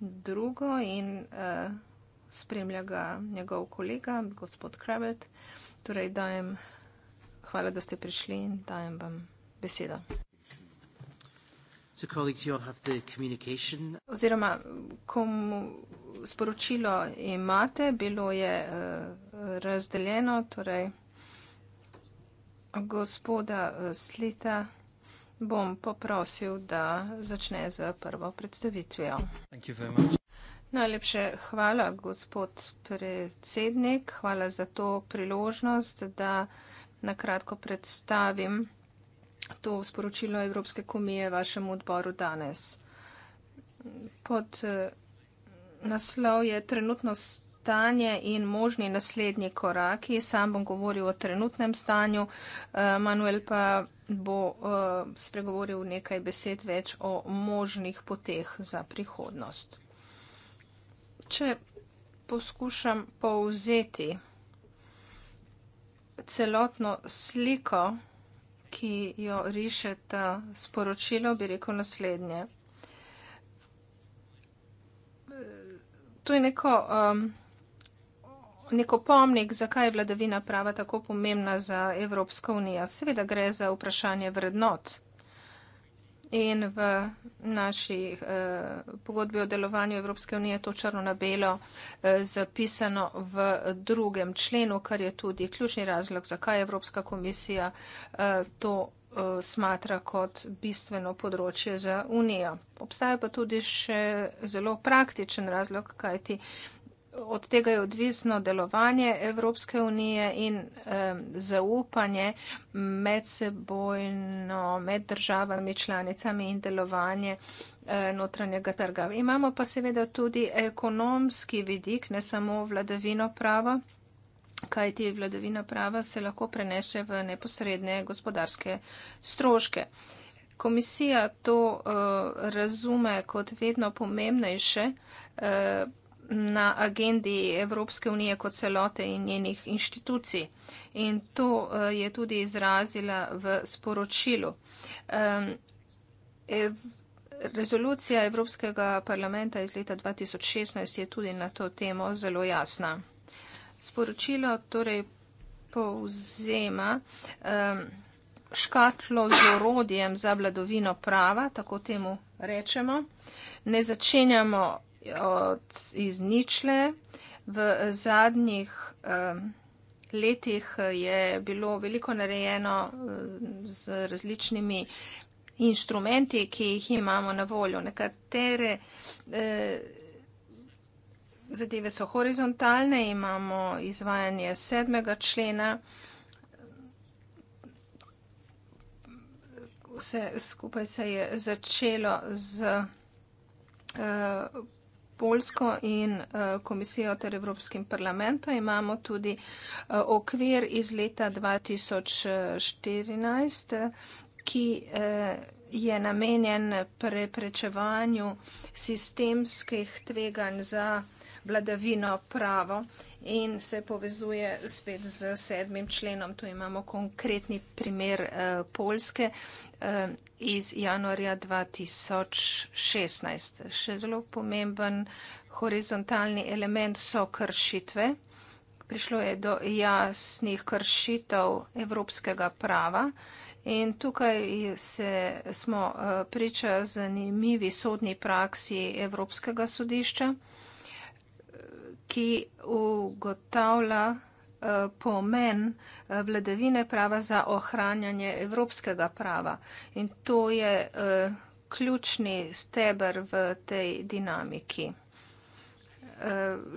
drugo. In, uh, spremlja ga njegov kolega, gospod Krebet. Torej, dajem, hvala, da ste prišli in dajem vam besedo. So colleagues, you all have the communication. Oziroma, komu sporočilo imate, bilo je uh, razdeljeno, torej gospoda eh, Slita bom poprosil, da začne z prvo predstavitvijo. Thank you very much. Najlepše hvala, gospod predsednik. Hvala za to priložnost, da nakratko predstavim to sporočilo Evropske komije vašemu odboru danes. Pod naslov je trenutno stanje in možni naslednji koraki. Sam bom govoril o trenutnem stanju, eh, Manuel pa bo eh, spregovoril nekaj besed več o možnih poteh za prihodnost če poskušam povzeti celotno sliko, ki jo riše ta sporočilo, bi rekel naslednje. To je neko, um, neko pomnik, zakaj je vladavina prava tako pomembna za Evropsko unijo. Seveda gre za vprašanje vrednot in v naši eh, pogodbi o delovanju Evropske unije to črno na belo eh, zapisano v drugem členu, kar je tudi ključni razlog, zakaj Evropska komisija eh, to eh, smatra kot bistveno področje za unijo. Obstaja pa tudi še zelo praktičen razlog, kajti od tega je odvisno delovanje Evropske unije in zaupanje med sebojno, med državami, članicami in delovanje e, notranjega trga. Imamo pa seveda tudi ekonomski vidik, ne samo vladavino prava, kajti vladavina prava se lahko prenese v neposredne gospodarske stroške. Komisija to uh, razume kot vedno pomembnejše uh, na agendi Evropske unije kot celote in njenih inštitucij. In to eh, je tudi izrazila v sporočilu. Rezolucija Evropskega parlamenta iz leta 2016 je tudi na to temo zelo jasna. Sporočilo torej povzema škatlo z orodjem za vladovino prava, tako temu rečemo. Ne začenjamo od izničle. V zadnjih letih je bilo veliko narejeno z različnimi inštrumenti, ki jih imamo na voljo. Nekatere zadeve so horizontalne, imamo izvajanje sedmega člena. Vse skupaj se je začelo z uh, Polsko in eh, komisijo ter Evropskim parlamentom. Imamo tudi eh, okvir iz leta 2014, ki eh, je namenjen preprečevanju sistemskih tveganj za vladavino pravo in se povezuje spet z sedmim členom. Tu imamo konkretni primer eh, Polske eh, iz januarja 2016. Še zelo pomemben horizontalni element so kršitve. Prišlo je do jasnih kršitev evropskega prava. In tukaj se, smo eh, priča zanimivi sodni praksi Evropskega sodišča ki ugotavlja eh, pomen eh, vladavine prava za ohranjanje evropskega prava. In to je eh, ključni steber v tej dinamiki.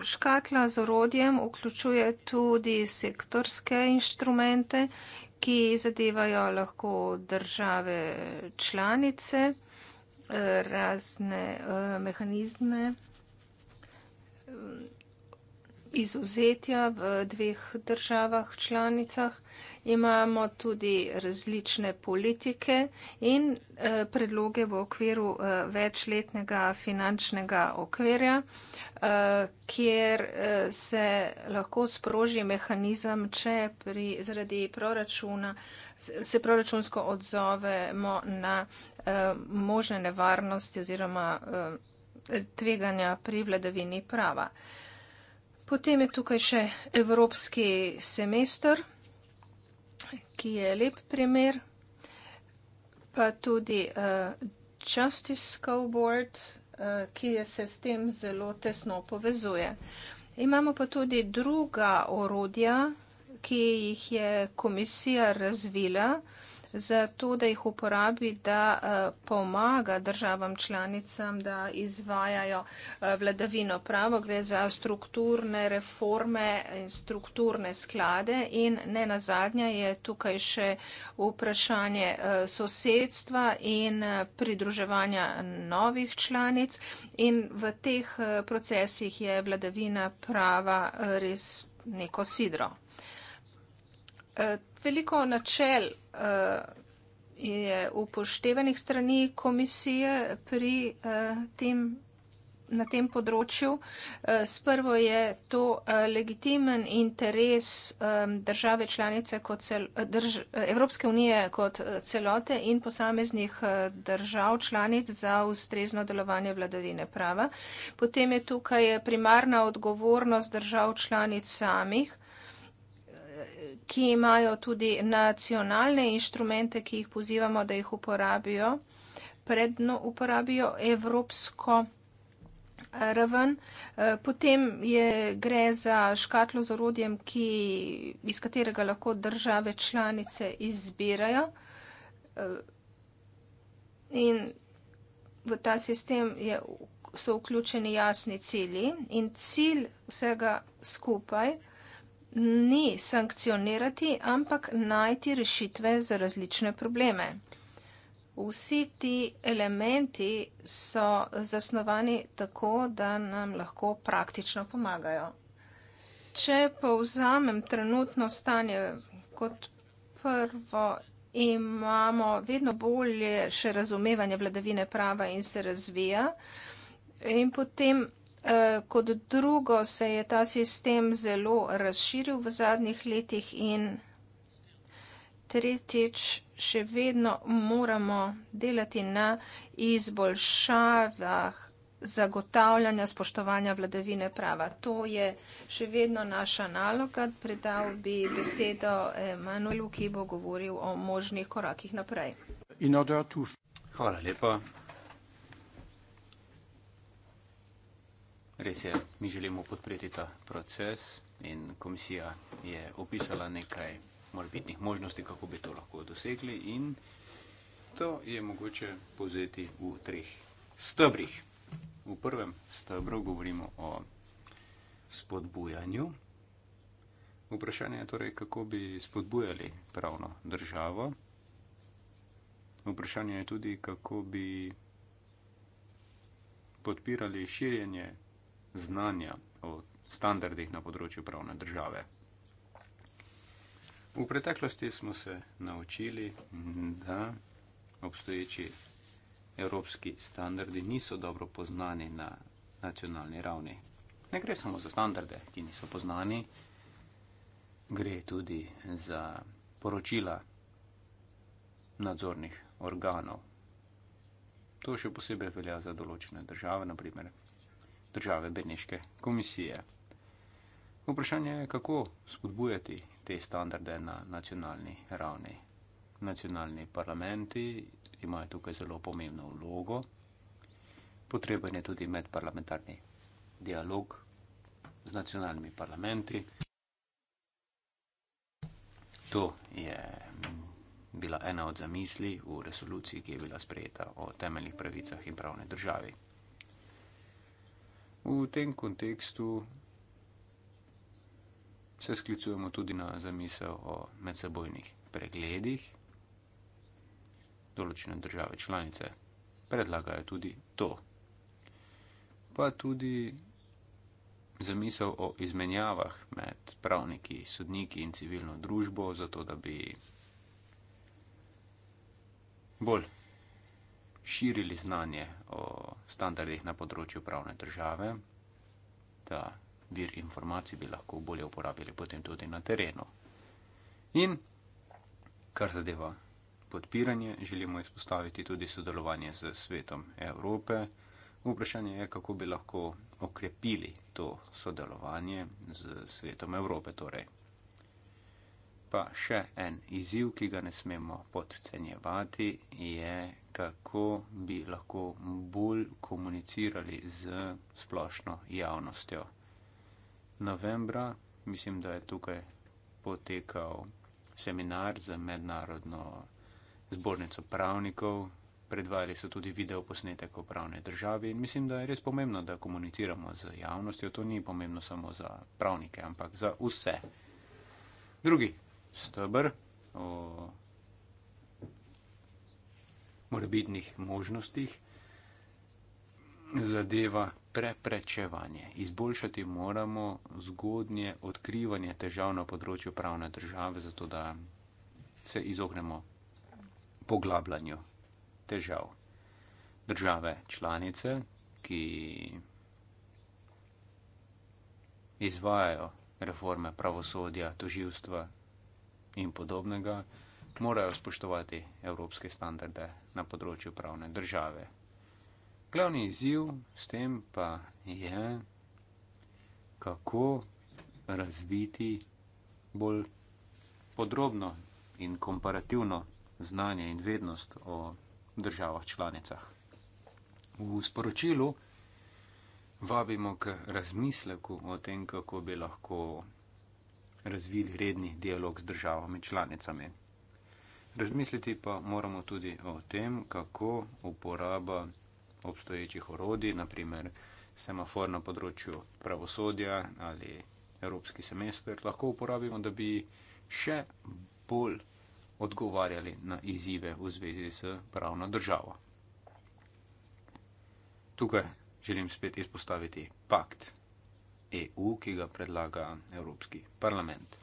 Škatla z orodjem vključuje tudi sektorske inštrumente, ki zadevajo lahko države članice, razne mehanizme izuzetja v dveh državah članicah, imamo tudi različne politike in eh, predloge v okviru eh, večletnega finančnega okvirja, eh, kjer eh, se lahko sproži mehanizem, če pri, zaradi proračuna se proračunsko odzovemo na eh, možne nevarnosti oziroma eh, tveganja pri vladavini prava. Eh, Potem je tukaj še evropski semester, ki je lep primer, pa tudi uh, Justice School Board, uh, eh, ki je se s tem zelo tesno povezuje. Imamo pa tudi druga orodja, ki jih je komisija razvila, uh, za to, da jih uporabi, da eh, pomaga državam članicam, da izvajajo eh, vladavino pravo. Gre za strukturne reforme in strukturne sklade in ne nazadnje je tukaj še vprašanje eh, sosedstva in pridruževanja novih članic in v teh procesih je vladavina prava res neko sidro veliko načel uh, je upoštevanih strani komisije pri uh, tem, na tem področju. Uh, eh, sprvo je to uh, legitimen interes um, države članice kot cel, drž, Evropske unije kot celote in posameznih uh, držav članic za ustrezno delovanje vladavine prava. Potem je tukaj primarna odgovornost držav članic samih ki imajo tudi nacionalne inštrumente, ki jih pozivamo, da jih uporabijo, predno uporabijo evropsko eh, raven. Eh, potem je, gre za škatlo z orodjem, ki, iz katerega lahko države članice izbirajo. Eh, in v ta sistem je, so vključeni jasni cilji in cilj vsega skupaj ni sankcionirati, ampak najti rešitve za različne probleme. Vsi ti elementi so zasnovani tako, da nam lahko praktično pomagajo. Če povzamem trenutno stanje, kot prvo imamo vedno bolje še razumevanje vladavine prava in se razvija. In potem Eh, kot drugo se je ta sistem zelo razširil v zadnjih letih in tretjič še vedno moramo delati na izboljšavah zagotavljanja spoštovanja vladavine prava. To je še vedno naša naloga. Predal bi besedo eh, Manuelu, ki bo govoril o možnih korakih naprej. Hvala lepa. Res je, mi želimo podpreti ta proces in komisija je opisala nekaj morbitnih možnosti, kako bi to lahko dosegli in to je mogoče povzeti v treh stebrih. V prvem stebru govorimo o spodbujanju. Vprašanje je torej, kako bi spodbujali pravno državo. Vprašanje je tudi, kako bi podpirali širjenje znanja o standardih na področju pravne države. V preteklosti smo se naučili, da obstoječi evropski standardi niso dobro poznani na nacionalni ravni. Ne gre samo za standarde, ki niso poznani, gre tudi za poročila nadzornih organov. To še posebej velja za določene države, naprimer države Beneške komisije. Vprašanje je, kako spodbujati te standarde na nacionalni ravni. Nacionalni parlamenti imajo tukaj zelo pomembno vlogo. Potreben je tudi medparlamentarni dialog z nacionalnimi parlamenti. To je bila ena od zamisli v resoluciji, ki je bila sprejeta o temeljnih pravicah in pravni državi. V tem kontekstu se sklicujemo tudi na zamisel o medsebojnih pregledih. Določene države članice predlagajo tudi to. Pa tudi zamisel o izmenjavah med pravniki, sodniki in civilno družbo, zato da bi bolj širili znanje o standardih na področju pravne države, da vir informacij bi lahko bolje uporabili potem tudi na terenu. In kar zadeva podpiranje, želimo izpostaviti tudi sodelovanje z svetom Evrope. Vprašanje je, kako bi lahko okrepili to sodelovanje z svetom Evrope. Torej. Pa še en izziv, ki ga ne smemo podcenjevati, je kako bi lahko bolj komunicirali z splošno javnostjo. Novembra mislim, da je tukaj potekal seminar za mednarodno zbornico pravnikov, predvajali so tudi video posnetek o pravni državi in mislim, da je res pomembno, da komuniciramo z javnostjo. To ni pomembno samo za pravnike, ampak za vse. Drugi stebr morebitnih možnostih, zadeva preprečevanje. Izboljšati moramo zgodnje odkrivanje težav na področju pravne države, zato da se izognemo poglabljanju težav države članice, ki izvajajo reforme pravosodja, toživstva in podobnega morajo spoštovati evropske standarde na področju pravne države. Glavni izziv s tem pa je, kako razviti bolj podrobno in komparativno znanje in vednost o državah članicah. V sporočilu vabimo k razmisleku o tem, kako bi lahko razvili redni dialog z državami članicami. Razmisliti pa moramo tudi o tem, kako uporaba obstoječih orodij, naprimer semafor na področju pravosodja ali evropski semester, lahko uporabimo, da bi še bolj odgovarjali na izzive v zvezi s pravno državo. Tukaj želim spet izpostaviti pakt EU, ki ga predlaga Evropski parlament.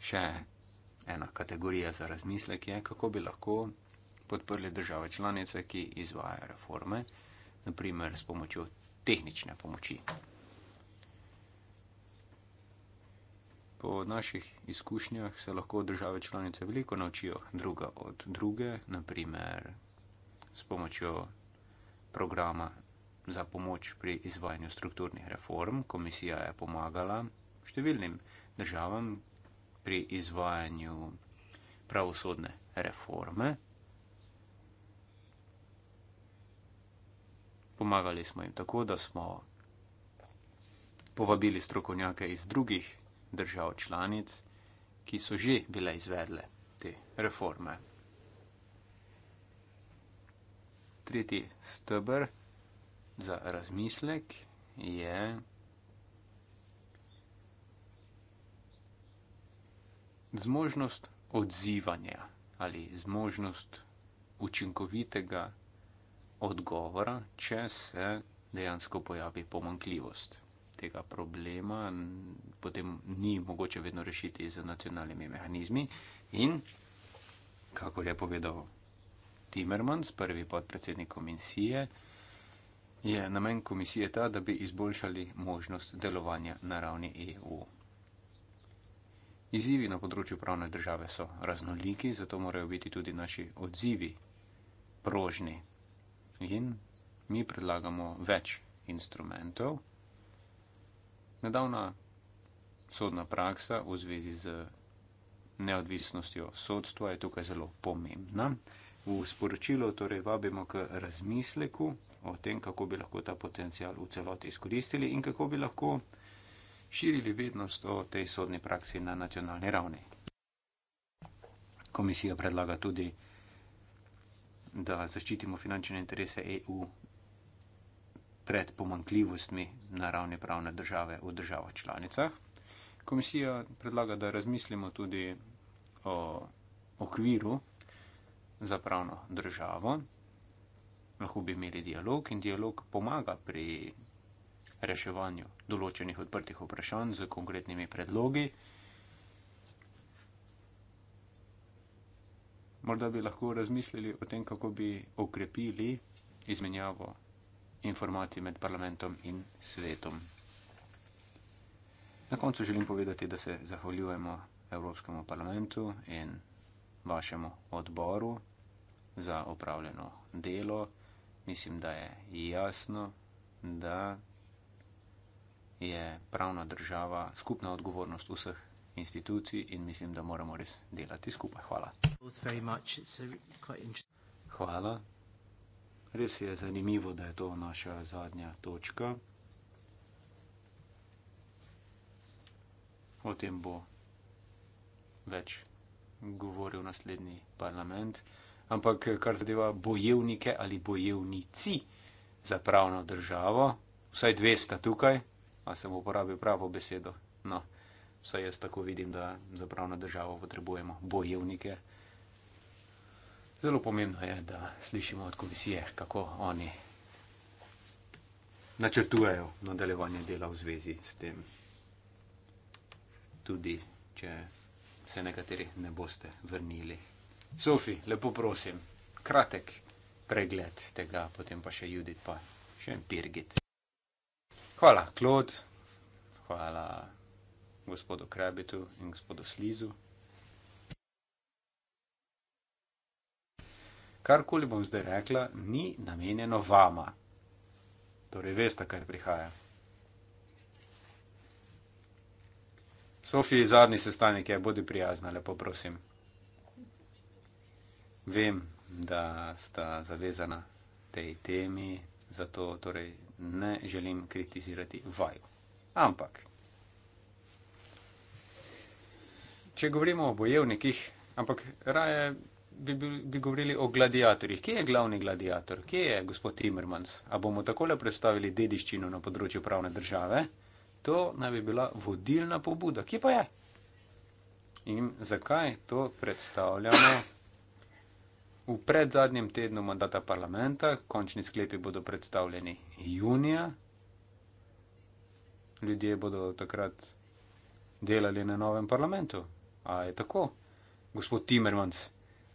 še ena kategorija za razmislek je, kako bi lahko podprli države članice, ki izvajajo reforme, naprimer s pomočjo tehnične pomoči. Po naših izkušnjah se lahko države članice veliko naučijo druga od druge, naprimer s pomočjo programa za pomoč pri izvajanju strukturnih reform. Komisija je pomagala številnim državam, pri izvajanju pravosodne reforme. Pomagali smo jim tako, da smo povabili strokovnjake iz drugih držav članic, ki so že bile izvedle te reforme. Tretji stebr za razmislek je. zmožnost odzivanja ali zmožnost učinkovitega odgovora, če se dejansko pojavi pomankljivost tega problema, potem ni mogoče vedno rešiti z nacionalnimi mehanizmi. In, kako je povedal Timmermans, prvi podpredsednik komisije, je namen komisije ta, da bi izboljšali možnost delovanja na ravni EU. Izzivi na področju pravne države so raznoliki, zato morajo biti tudi naši odzivi prožni. In mi predlagamo več instrumentov. Nedavna sodna praksa v zvezi z neodvisnostjo sodstva je tukaj zelo pomembna. V sporočilo torej vabimo k razmisleku o tem, kako bi lahko ta potencial v celoti izkoristili in kako bi lahko širili vednost o tej sodni praksi na nacionalni ravni. Komisija predlaga tudi, da zaščitimo finančne interese EU pred pomankljivostmi na ravni pravne države v državah članicah. Komisija predlaga, da razmislimo tudi o okviru za pravno državo. Lahko bi imeli dialog in dialog pomaga pri reševanju določenih odprtih vprašanj z konkretnimi predlogi. Morda bi lahko razmislili o tem, kako bi okrepili izmenjavo informacij med parlamentom in svetom. Na koncu želim povedati, da se zahvaljujemo Evropskemu parlamentu in vašemu odboru za upravljeno delo. Mislim, da je jasno, da je pravna država skupna odgovornost vseh institucij in mislim, da moramo res delati skupaj. Hvala. Hvala. Res je zanimivo, da je to naša zadnja točka. O tem bo več govoril naslednji parlament. Ampak, kar zadeva bojevnike ali bojevnici za pravno državo, vsaj dve sta tukaj, ali sem uporabil pravo besedo. No, vsaj jaz tako vidim, da za pravno državo potrebujemo bojevnike. Zelo pomembno je, da slišimo od komisije, kako oni načrtujejo nadaljevanje dela v zvezi s tem. Tudi, če se nekateri ne boste vrnili. Sofi, lepo prosim, kratek pregled tega, potem pa še Judith, pa še Pirgit. Hvala, Klod, hvala gospodu Krabitu in gospodu Slizu. Karkoli bom zdaj rekla, ni namenjeno vama. Torej, veste, kaj prihaja. Sofiji, zadnji sestanek je, bodi prijazna, lepo prosim. Vem, da sta zavezana tej temi, zato torej ne želim kritizirati vaju. Ampak, če govorimo o bojevnikih, ampak raje bi, bi, bi govorili o gladiatorjih. Kje je glavni gladiator? Kje je gospod Timmermans? A bomo takole predstavili dediščino na področju pravne države? To naj bi bila vodilna pobuda. Kje pa je? In zakaj to predstavljamo v predzadnjem tednu mandata parlamenta, končni sklepi bodo predstavljeni junija. Ljudje bodo takrat delali na novem parlamentu. A je tako? Gospod Timermans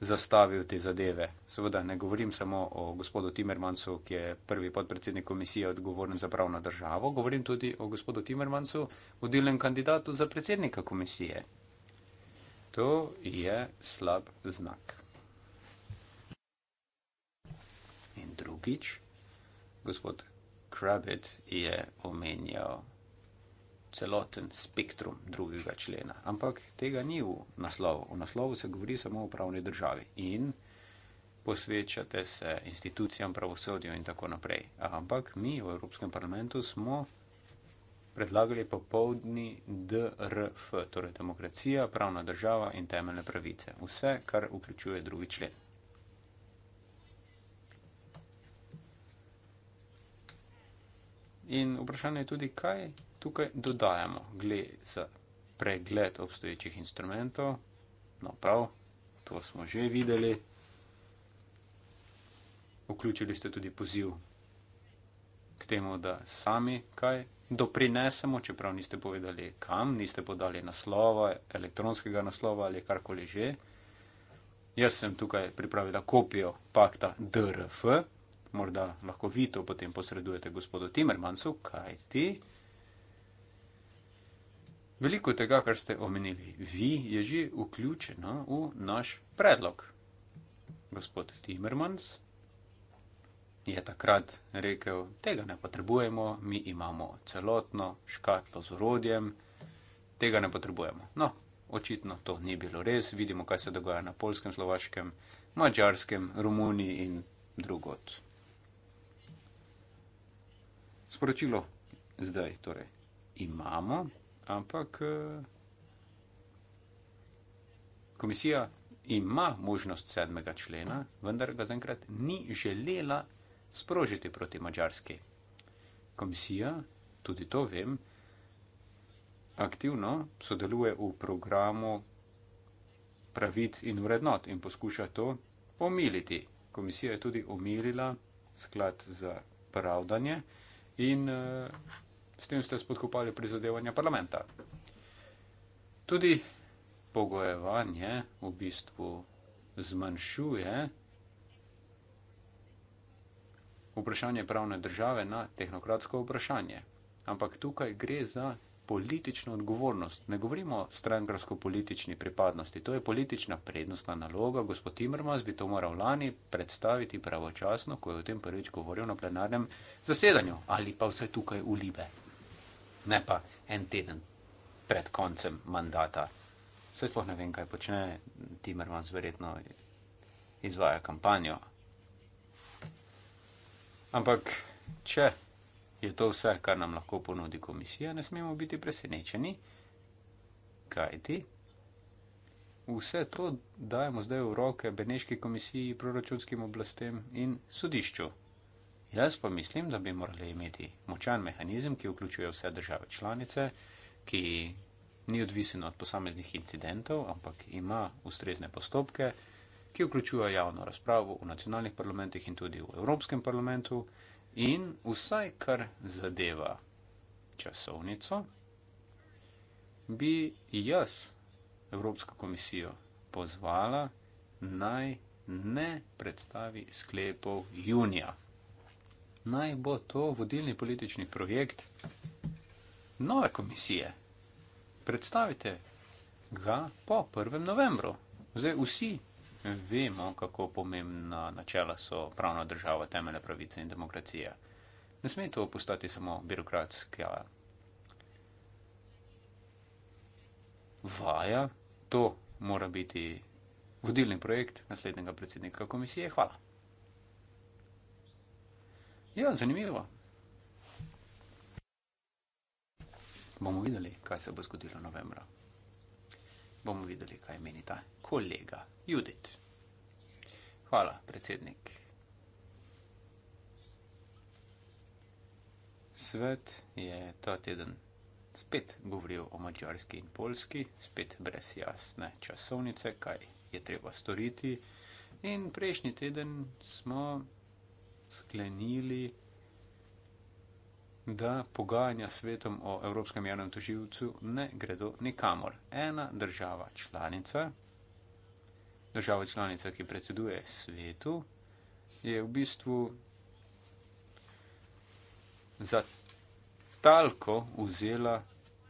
zastavil te zadeve. Seveda ne govorim samo o gospodu Timermansu, ki je prvi podpredsednik komisije odgovoren za pravno državo, govorim tudi o gospodu Timermansu, vodilnem kandidatu za predsednika komisije. To je slab znak. In drugič, gospod Krabit je omenjal celoten spektrum drugega člena, ampak tega ni v naslovu. V naslovu se govori samo o pravni državi in posvečate se institucijam, pravosodju in tako naprej. Ampak mi v Evropskem parlamentu smo predlagali popovdni DRF, torej demokracija, pravna država in temeljne pravice. Vse, kar vključuje drugi člen. In vprašanje je tudi, kaj tukaj dodajamo, glede za pregled obstoječih instrumentov. No, prav, to smo že videli. Vključili ste tudi poziv k temu, da sami kaj doprinesemo, čeprav niste povedali kam, niste podali naslova, elektronskega naslova ali karkoli že. Jaz sem tukaj pripravila kopijo pakta DRF, morda lahko vi to potem posredujete gospodu Timermansu, kaj ti? Veliko tega, kar ste omenili vi, je že vključeno v naš predlog. Gospod Timermans je takrat rekel, tega ne potrebujemo, mi imamo celotno škatlo z orodjem, tega ne potrebujemo. No, očitno to ni bilo res, vidimo, kaj se dogaja na polskem, slovaškem, mačarskem, Romuniji in drugot sporočilo zdaj. Torej, imamo, ampak eh, komisija ima možnost sedmega člena, vendar ga zaenkrat ni želela sprožiti proti mačarski. Komisija, tudi to vem, aktivno sodeluje v programu pravic in vrednot in poskuša to omiliti. Komisija je tudi omilila sklad za pravdanje, in uh, s tem ste spodkopali prizadevanja parlamenta. Tudi pogojevanje v bistvu zmanjšuje vprašanje pravne države na tehnokratsko vprašanje. Ampak tukaj gre za politično odgovornost. Ne govorimo o strankarsko-politični pripadnosti, to je politična prednostna naloga. Gospod Timrmas bi to moral lani predstaviti pravočasno, ko je o tem prvič govoril na plenarnem zasedanju ali pa vse tukaj v Libe. Ne pa en teden pred koncem mandata. Vse sploh ne vem, kaj počne Timrmas, verjetno izvaja kampanjo. Ampak, če je to vse, kar nam lahko ponudi komisija, ne smemo biti presenečeni, kajti vse to dajemo zdaj v roke Beneški komisiji, proračunskim oblastem in sodišču. Jaz pa mislim, da bi morali imeti močan mehanizem, ki vključuje vse države članice, ki ni odvisen od posameznih incidentov, ampak ima ustrezne postopke, ki vključuje javno razpravo v nacionalnih parlamentih in tudi v Evropskem parlamentu, In vsaj kar zadeva časovnico, bi jaz Evropsko komisijo pozvala naj ne predstavi sklepov junija. Naj bo to vodilni politični projekt nove komisije. Predstavite ga po 1. novembru. Zdaj vsi Vemo, kako pomembna načela so pravna država, temeljne pravice in demokracija. Ne sme to postati samo birokratska vaja. To mora biti vodilni projekt naslednjega predsednika komisije. Hvala. Ja, zanimivo. Bomo videli, kaj se bo zgodilo novembra bomo videli, kaj meni ta kolega Judit. Hvala, predsednik. Svet je ta teden spet govoril o mačarski in polski, spet brez jasne časovnice, kaj je treba storiti. In prejšnji teden smo sklenili da pogajanja svetom o Evropskem javnem toživcu ne gredo nikamor. Ena država članica, država članica, ki predseduje svetu, je v bistvu za talko vzela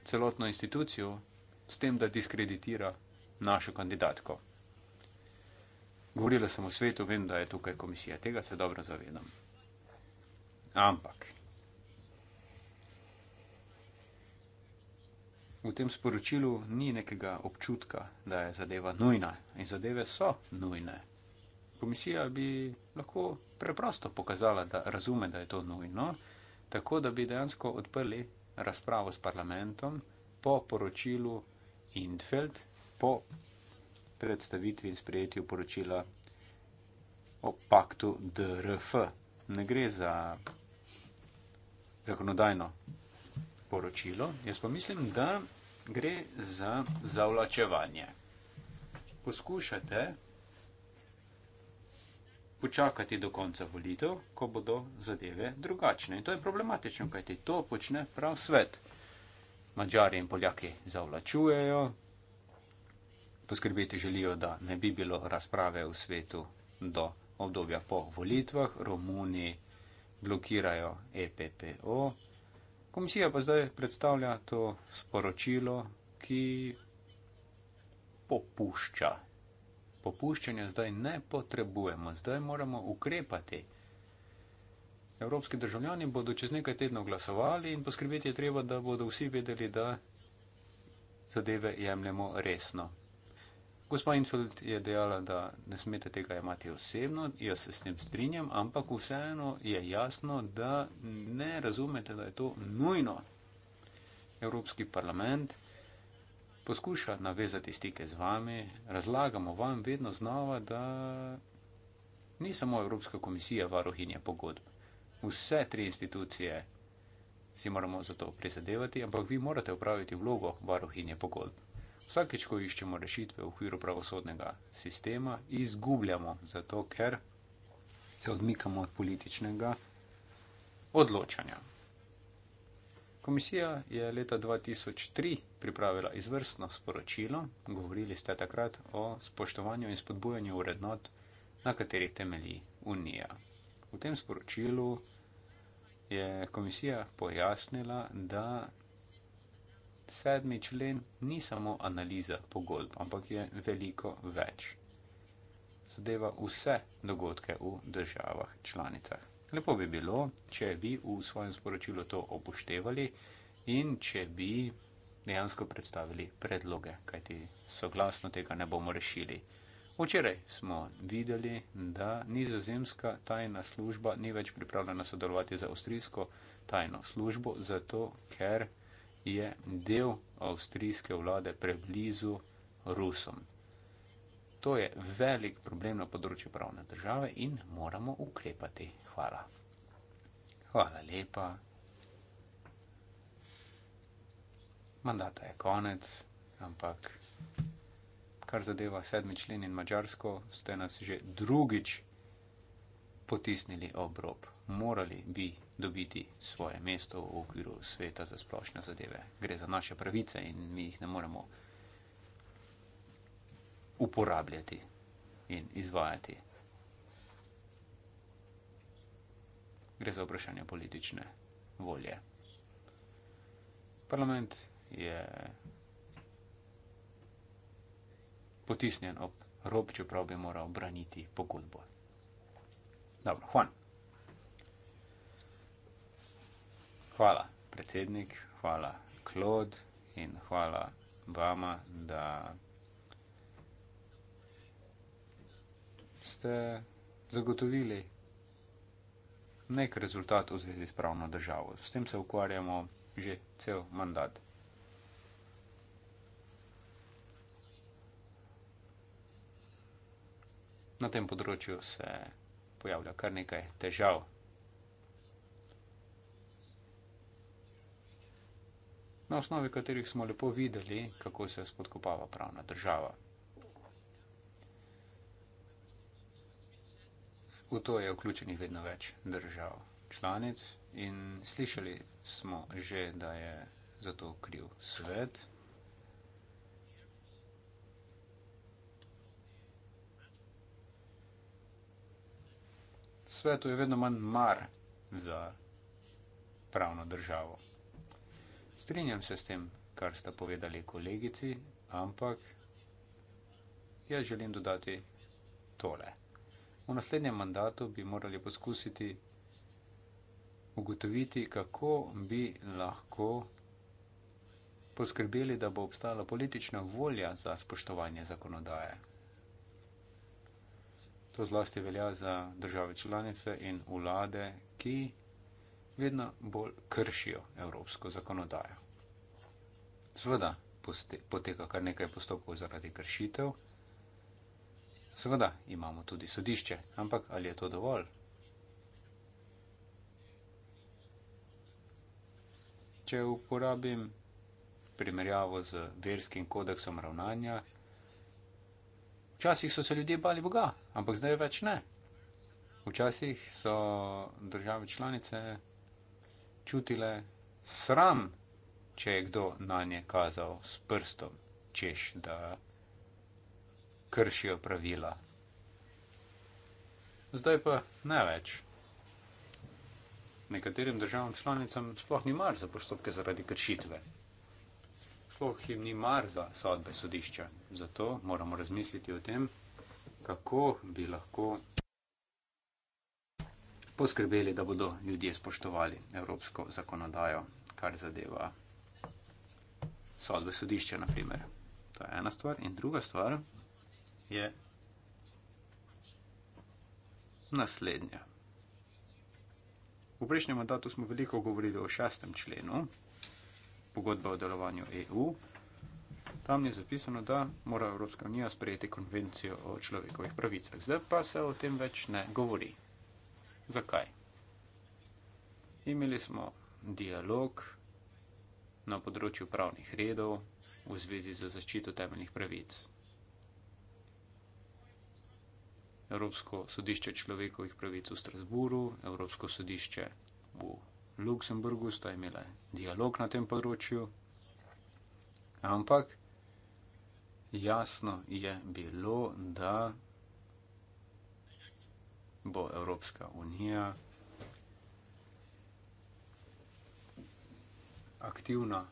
celotno institucijo s tem, da diskreditira našo kandidatko. Govorila sem o svetu, vem, da je tukaj komisija, tega se dobro zavedam. Ampak v tem sporočilu ni nekega občutka, da je zadeva nujna in zadeve so nujne. Komisija bi lahko preprosto pokazala, da razume, da je to nujno, tako da bi dejansko odprli razpravo s parlamentom po poročilu Infeld, po predstavitvi in sprejetju poročila o paktu DRF. Ne gre za zakonodajno poročilo. Jaz pa mislim, da gre za zavlačevanje. Poskušate počakati do konca volitev, ko bodo zadeve drugačne. In to je problematično, kajti to počne prav svet. Mačari in Poljaki zavlačujejo, poskrbeti želijo, da ne bi bilo razprave v svetu do obdobja po volitvah, Romuni blokirajo EPPO. Komisija pa zdaj predstavlja to sporočilo, ki popušča. Popuščanja zdaj ne potrebujemo, zdaj moramo ukrepati. Evropski državljani bodo čez nekaj tednov glasovali in poskrbeti je treba, da bodo vsi vedeli, da zadeve jemljemo resno. Gospa Infeld je dejala, da ne smete tega imati osebno, jaz se s tem strinjam, ampak vseeno je jasno, da ne razumete, da je to nujno. Evropski parlament poskuša navezati stike z vami, razlagamo vam vedno znova, da ni samo Evropska komisija varohinje pogodb. Vse tri institucije si moramo za to prizadevati, ampak vi morate upraviti vlogo varohinje pogodb. Vsakeč, ko iščemo rešitve v okviru pravosodnega sistema, izgubljamo, zato ker se odmikamo od političnega odločanja. Komisija je leta 2003 pripravila izvrstno sporočilo, govorili ste takrat o spoštovanju in spodbujanju urednot, na katerih temelji Unija. V tem sporočilu je komisija pojasnila, da sedmi člen ni samo analiza pogodb, ampak je veliko več. Zadeva vse dogodke v državah članicah. Lepo bi bilo, če bi v svojem sporočilu to upoštevali in če bi dejansko predstavili predloge, kajti soglasno tega ne bomo rešili. Včeraj smo videli, da nizozemska tajna služba ni več pripravljena sodelovati z avstrijsko tajno službo, zato ker je del avstrijske vlade preblizu Rusom. To je velik problem na področju pravne države in moramo ukrepati. Hvala. Hvala lepa. Mandata je konec, ampak kar zadeva sedmi člen in mačarsko, ste nas že drugič potisnili ob rob. Morali bi dobiti svoje mesto v okviru sveta za splošne zadeve. Gre za naše pravice in mi jih ne moremo uporabljati in izvajati. Gre za vprašanje politične volje. Parlament je potisnjen ob rob, čeprav bi moral braniti pogodbo. Dobro, hvala. Hvala, predsednik, hvala, Klod in hvala vama, da ste zagotovili nek rezultat v zvezi s pravno državo. S tem se ukvarjamo že cel mandat. Na tem področju se pojavlja kar nekaj težav. na osnovi katerih smo lepo videli, kako se spodkopava pravna država. V to je vključenih vedno več držav članic in slišali smo že, da je za to kriv svet. Svetu je vedno manj mar za pravno državo. Strinjam se s tem, kar sta povedali kolegici, ampak jaz želim dodati tole. V naslednjem mandatu bi morali poskusiti ugotoviti, kako bi lahko poskrbeli, da bo obstala politična volja za spoštovanje zakonodaje. To zlasti velja za države članice in vlade, ki vedno bolj kršijo evropsko zakonodajo. Sveda poteka kar nekaj postopkov zaradi kršitev, sveda imamo tudi sodišče, ampak ali je to dovolj? Če uporabim primerjavo z verskim kodeksom ravnanja, včasih so se ljudje bali Boga, ampak zdaj več ne. Včasih so države članice čutile sram, če je kdo na nje kazal s prstom, češ da kršijo pravila. Zdaj pa ne več. Nekaterim državam članicam sploh ni mar za postopke zaradi kršitve. Sploh jim ni mar za sodbe sodišča. Zato moramo razmisliti o tem, kako bi lahko poskrbeli, da bodo ljudje spoštovali evropsko zakonodajo, kar zadeva sodbe sodišča, naprimer. To je ena stvar. In druga stvar je naslednja. V prejšnjem mandatu smo veliko govorili o šestem členu pogodbe o delovanju EU. Tam je zapisano, da mora Evropska unija sprejeti konvencijo o človekovih pravicah. Zdaj pa se o tem več ne govori. Zakaj? Imeli smo dialog na področju pravnih redov v zvezi z zaščito temeljnih pravic. Evropsko sodišče človekovih pravic v Strasburu, Evropsko sodišče v Luksemburgu sta imela dialog na tem področju, ampak jasno je bilo, da bo Evropska unija aktivna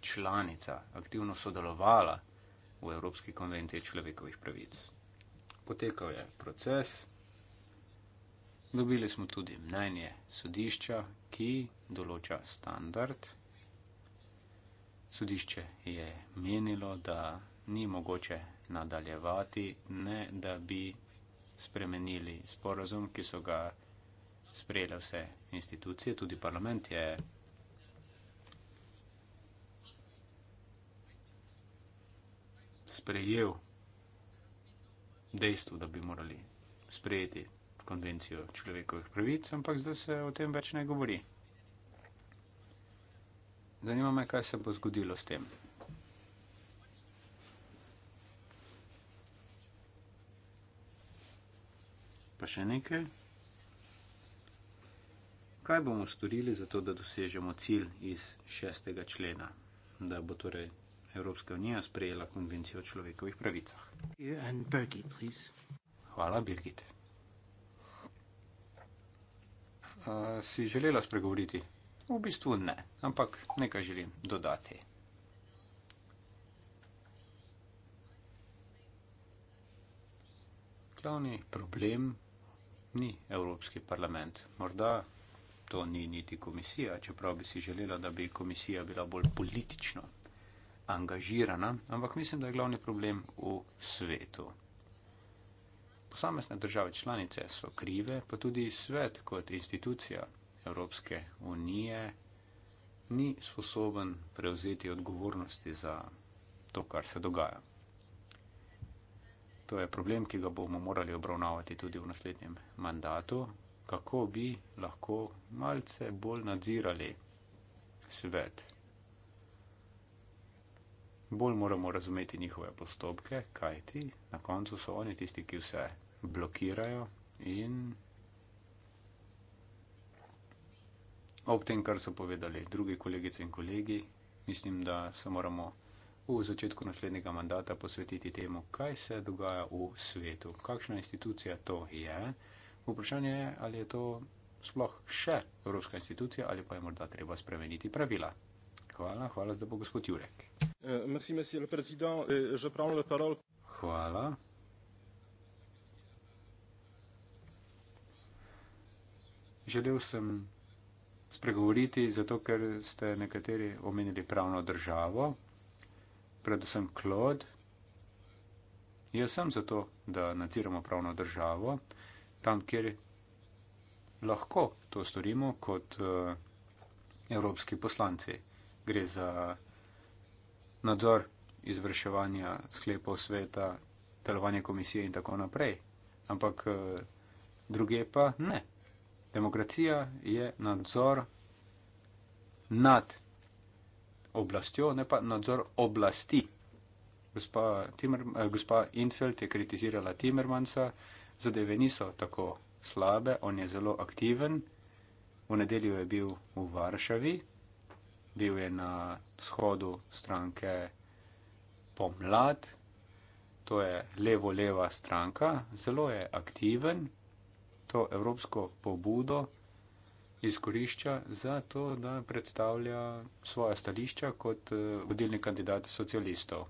članica, aktivno sodelovala v Evropski konvenciji človekovih pravic. Potekal je proces, dobili smo tudi mnenje sodišča, ki določa standard. Sodišče je menilo, da ni mogoče nadaljevati, ne da bi spremenili sporazum, ki so ga sprejele vse institucije, tudi parlament je sprejel dejstvo, da bi morali sprejeti konvencijo človekovih pravic, ampak zdaj se o tem več ne govori. Zanima me, kaj se bo zgodilo s tem. Pa še nekaj. Kaj bomo storili za to, da dosežemo cilj iz šestega člena, da bo torej Evropska unija sprejela konvencijo o človekovih pravicah? Birgit, Hvala, Birgit. A, si želela spregovoriti? V bistvu ne, ampak nekaj želim dodati. Glavni problem ni Evropski parlament. Morda to ni niti komisija, čeprav bi si želela, da bi komisija bila bolj politično angažirana, ampak mislim, da je glavni problem v svetu. Posamezne države članice so krive, pa tudi svet kot institucija Evropske unije ni sposoben prevzeti odgovornosti za to, kar se dogaja. To je problem, ki ga bomo morali obravnavati tudi v naslednjem mandatu, kako bi lahko malce bolj nadzirali svet. Bolj moramo razumeti njihove postopke, kajti na koncu so oni tisti, ki vse blokirajo in ob tem, kar so povedali drugi kolegice in kolegi, mislim, da se moramo v začetku naslednjega mandata posvetiti temu, kaj se dogaja v svetu, kakšna institucija to je. Vprašanje je, ali je to sploh še evropska institucija ali pa je morda treba spremeniti pravila. Hvala, hvala za bo gospod Jurek. Eh, eh, hvala. Želel sem spregovoriti, zato ker ste nekateri omenili pravno državo, predvsem Klod. Jaz sem zato, da nadziramo pravno državo, tam, kjer lahko to storimo kot eh, evropski poslanci. Gre za nadzor izvrševanja sklepov sveta, delovanje komisije in tako naprej. Ampak eh, druge pa ne. Demokracija je nadzor nad oblastjo, ne pa nadzor oblasti. Gospa, Timmer, eh, gospa Infeld je kritizirala Timmermansa, zadeve niso tako slabe, on je zelo aktiven. V nedeljo je bil v Varšavi, bil je na shodu stranke Pomlad, to je levo-leva stranka, zelo je aktiven, to evropsko pobudo izkorišča za to, da predstavlja svoja stališča kot eh, vodilni kandidat socialistov.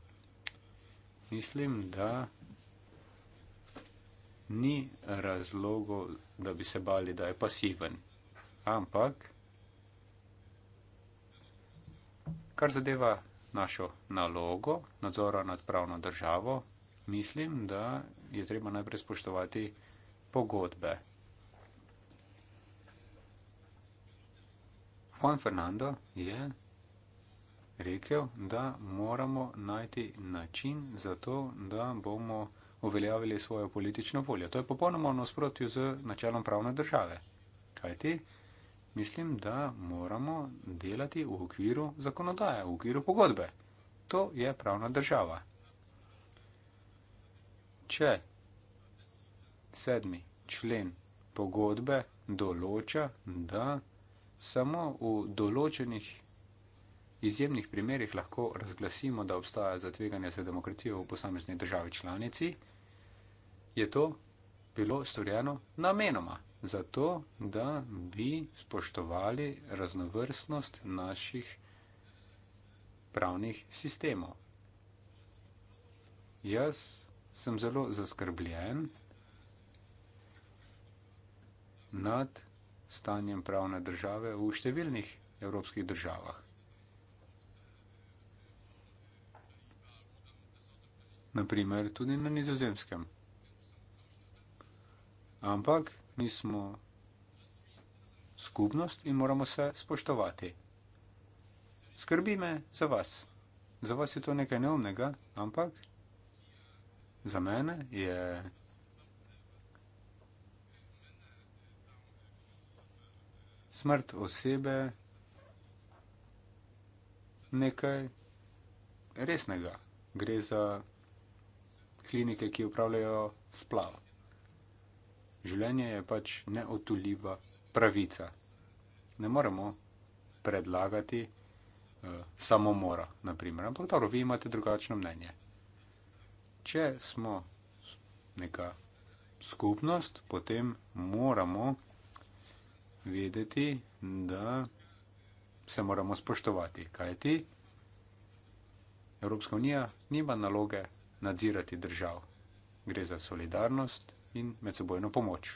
Mislim, da ni razlogov, da bi se bali, da je pasiven. Ampak, kar zadeva našo nalogo nadzora nad pravno državo, mislim, da je treba najprej spoštovati pogodbe. Juan Fernando je rekel, da moramo najti način za to, da bomo uveljavili svojo politično voljo. To je popolnoma nasprotju z načelom pravne države. Kajti, mislim, da moramo delati v okviru zakonodaje, v okviru pogodbe. To je pravna država. Če sedmi člen pogodbe določa, da samo v določenih izjemnih primerjih lahko razglasimo, da obstaja zatveganje za demokracijo v posamezni državi članici, je to bilo storjeno namenoma, zato da bi spoštovali raznovrstnost naših pravnih sistemov. Jaz sem zelo zaskrbljen nad stanjem pravne države v številnih evropskih državah. Naprimer, tudi na nizozemskem. Ampak mi smo skupnost in moramo se spoštovati. Skrbi me za vas. Za vas je to nekaj neumnega, ampak za mene je smrt osebe nekaj resnega. Gre za klinike, ki upravljajo splav. Življenje je pač neotuljiva pravica. Ne moremo predlagati uh, samomora, naprimer. ampak dobro, vi imate drugačno mnenje. Če smo neka skupnost, potem moramo vedeti, da se moramo spoštovati. Kajti Evropska unija nima naloge nadzirati držav. Gre za solidarnost in medsebojno pomoč.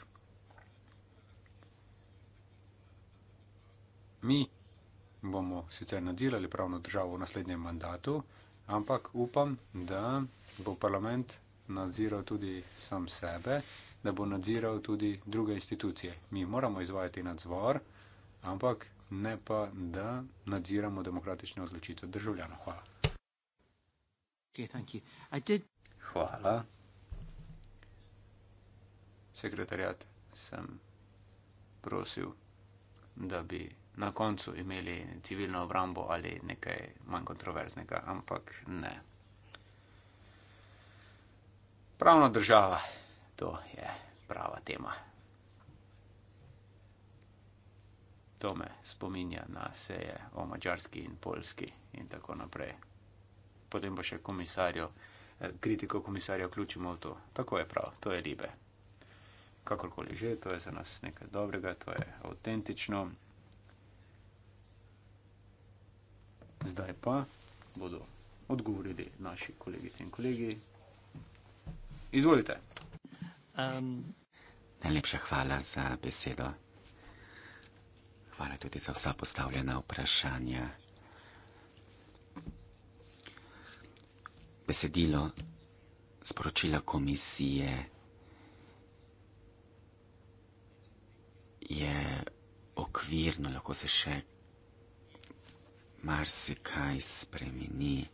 Mi bomo sicer nadzirali pravno državo v naslednjem mandatu, ampak upam, da bo parlament nadziral tudi sam sebe da bo nadziral tudi druge institucije. Mi moramo izvajati nadzor, ampak ne pa, da nadziramo demokratične odločitve državljanov. Hvala. Okay, did... Hvala. Sekretarjat sem prosil, da bi na koncu imeli civilno obrambo ali nekaj manj kontroverznega, ampak ne. Pravna država to je prava tema. To me spominja na seje o mačarski in polski in tako naprej. Potem pa še komisarjo, eh, kritiko komisarja vključimo v to. Tako je prav, to je libe. Kakorkoli že, to je za nas nekaj dobrega, to je avtentično. Zdaj pa bodo odgovorili naši kolegice in kolegi. Izvolite. Um, Najlepša hvala za besedo. Hvala tudi za vsa postavljena vprašanja. Besedilo sporočila komisije je okvirno, lahko se še marsikaj spremeni.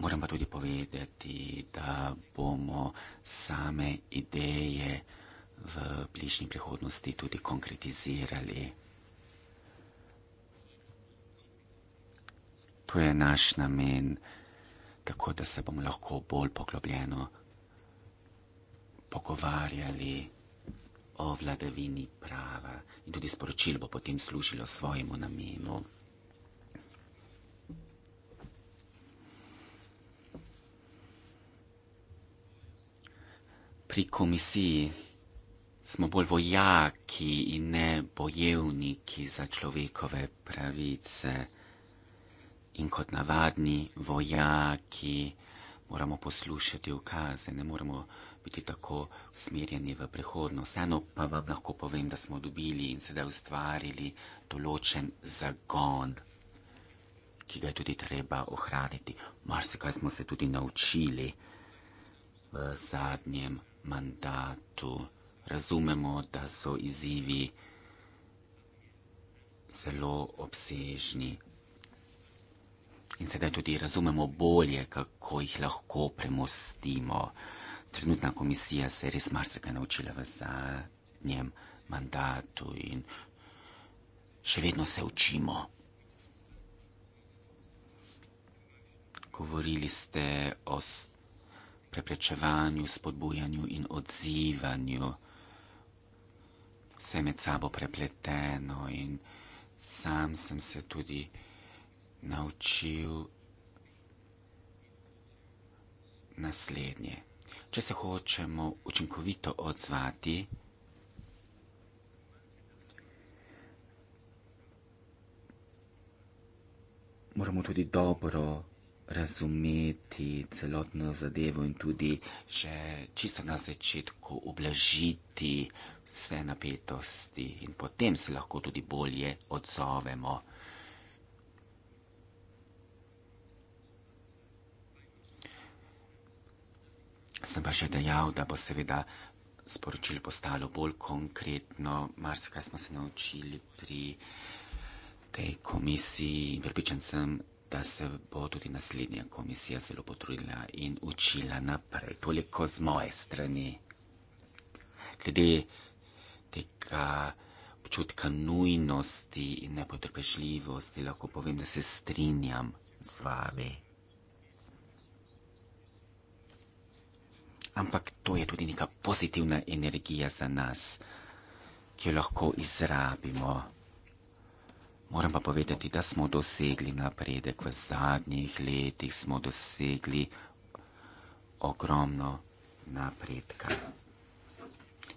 Moram pa tudi povedati, da bomo same ideje v bližnji prihodnosti tudi konkretizirali. To je naš namen, tako da se bomo lahko bolj poglobljeno pogovarjali o vladavini prava in tudi sporočilo bo potem služilo svojemu namenu. pri komisiji smo bolj vojaki in ne bojevniki za človekove pravice. In kot navadni vojaki moramo poslušati ukaze, ne moramo biti tako usmerjeni v prihodnost. Vseeno pa vam lahko povem, da smo dobili in sedaj ustvarili določen zagon, ki ga je tudi treba ohraniti. Marsikaj smo se tudi naučili v zadnjem času mandatu. Razumemo, da so izzivi zelo obsežni in sedaj tudi razumemo bolje, kako jih lahko premostimo. Trenutna komisija se je res marsikaj naučila v zadnjem mandatu in še vedno se učimo. Govorili ste o stvari, preprečevanju, spodbujanju in odzivanju. Vse med sabo prepleteno in sam sem se tudi naučil naslednje. Če se hočemo učinkovito odzvati, moramo tudi dobro odzvati razumeti celotno zadevo in tudi že čisto na začetku oblažiti vse napetosti in potem se lahko tudi bolje odzovemo. Sem pa že dejal, da bo seveda sporočilo postalo bolj konkretno, marsikaj smo se naučili pri tej komisiji in pripričan sem, da se bo tudi naslednja komisija zelo potrudila in učila naprej. Toliko z moje strani. Glede tega občutka nujnosti in nepotrpežljivosti, lahko povem, da se strinjam z vami. Ampak to je tudi neka pozitivna energija za nas, ki jo lahko izrabimo. Moram pa povedati, da smo dosegli napredek v zadnjih letih, smo dosegli ogromno napredka.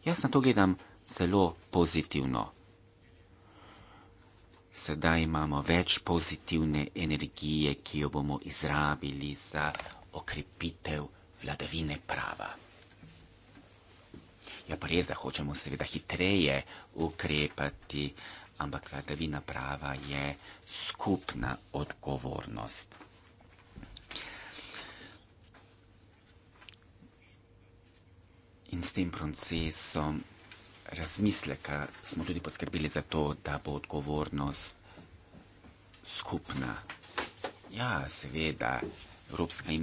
Jaz na to gledam zelo pozitivno. Sedaj imamo več pozitivne energije, ki jo bomo izrabili za okrepitev vladavine prava. Ja, pa res, da hočemo seveda hitreje ukrepati. Uh, ampak vladavina prava je skupna odgovornost. In s tem procesom razmisleka smo tudi poskrbeli za to, da bo odgovornost skupna. Ja, seveda, Evropska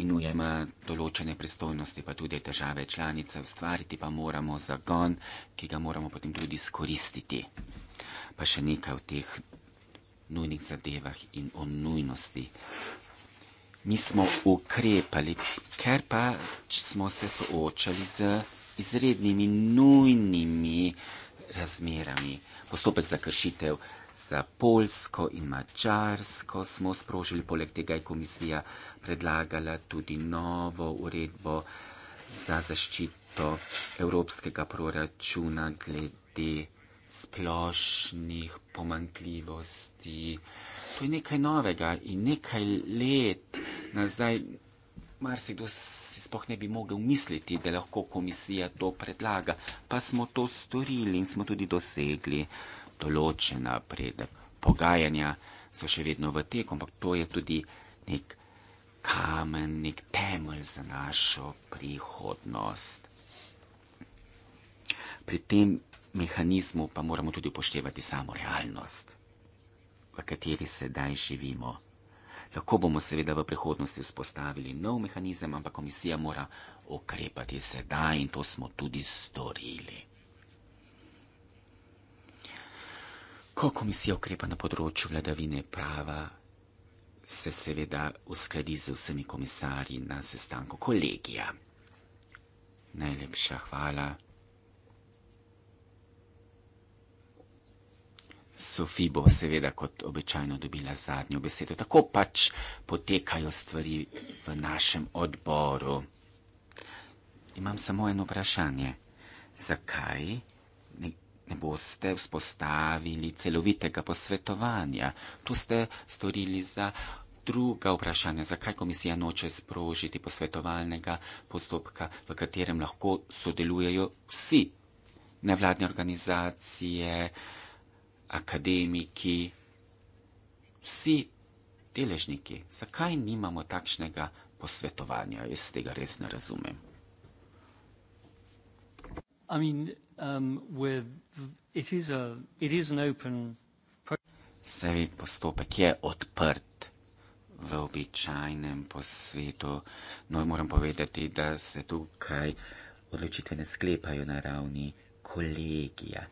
unija ima določene pristojnosti, pa tudi države članice, ustvariti pa moramo zagon, ki ga moramo potem tudi izkoristiti pa še nekaj o teh nujnih zadevah in o nujnosti. Mi smo ukrepali, ker pa smo se soočali z izrednimi, nujnimi razmerami. Postopek za kršitev za Polsko in Mačarsko smo sprožili, poleg tega je komisija predlagala tudi novo uredbo za zaščito evropskega proračuna glede splošnih pomankljivosti. To je nekaj novega in nekaj let nazaj. Marsikdo si spoh ne bi mogel misliti, da lahko komisija to predlaga, pa smo to storili in smo tudi dosegli določen napredek. Pogajanja so še vedno v teku, ampak to je tudi nek kamen, nek temelj za našo prihodnost. Pri tem mehanizmu pa moramo tudi upoštevati samo realnost, v kateri sedaj živimo. Lahko bomo seveda v prihodnosti vzpostavili nov mehanizem, ampak komisija mora okrepati sedaj in to smo tudi storili. Ko komisija ukrepa na področju vladavine prava, se seveda uskladi z vsemi komisarji na sestanku kolegija. Najlepša hvala. Sofi bo seveda kot običajno dobila zadnjo besedo. Tako pač potekajo stvari v našem odboru. Imam samo eno vprašanje. Zakaj ne, ne boste vzpostavili celovitega posvetovanja? To ste storili za druga vprašanja. Zakaj komisija noče sprožiti posvetovalnega postopka, v katerem lahko sodelujejo vsi nevladne organizacije, akademiki, vsi deležniki. Zakaj nimamo takšnega posvetovanja? Jaz tega res ne razumem. I mean, um, it is a, it is an open... Sevi postopek je odprt v običajnem posvetu. No, moram povedati, da se tukaj odločitve ne sklepajo na ravni kolegija,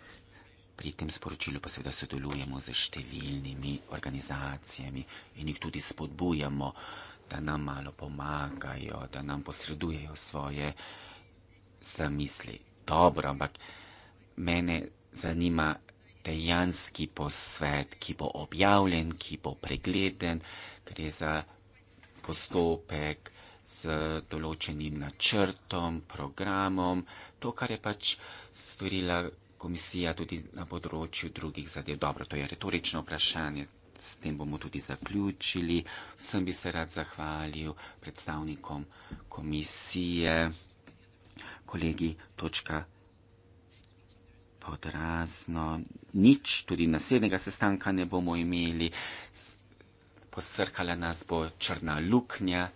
pri tem sporočilu pa seveda sodelujemo z številnimi organizacijami in jih tudi spodbujamo, da nam malo pomagajo, da nam posredujejo svoje zamisli. Dobro, ampak mene zanima dejanski posvet, ki bo objavljen, ki bo pregleden, ker je za postopek z določenim načrtom, programom, to, kar je pač storila komisija tudi na področju drugih zadev. Dobro, to je retorično vprašanje. S tem bomo tudi zaključili. Sem bi se rad zahvalil predstavnikom komisije, kolegi točka podrazno. Nič, tudi naslednjega sestanka ne bomo imeli. Posrkala nas bo črna luknja,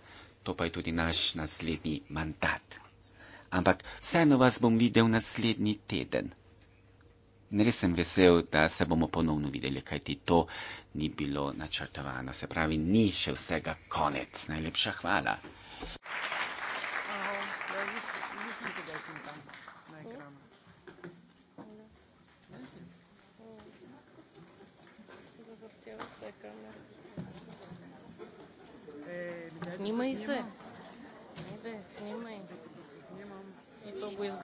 to pa je tudi naš naslednji mandat. Ampak vseeno vas bom videl naslednji teden. In res sem vesel, da se bomo ponovno videli, kaj ti to ni bilo načrtovano. Se pravi, ni še vsega konec. Najlepša hvala. Снимай, снимай. Снимай. Снимай. И то будет.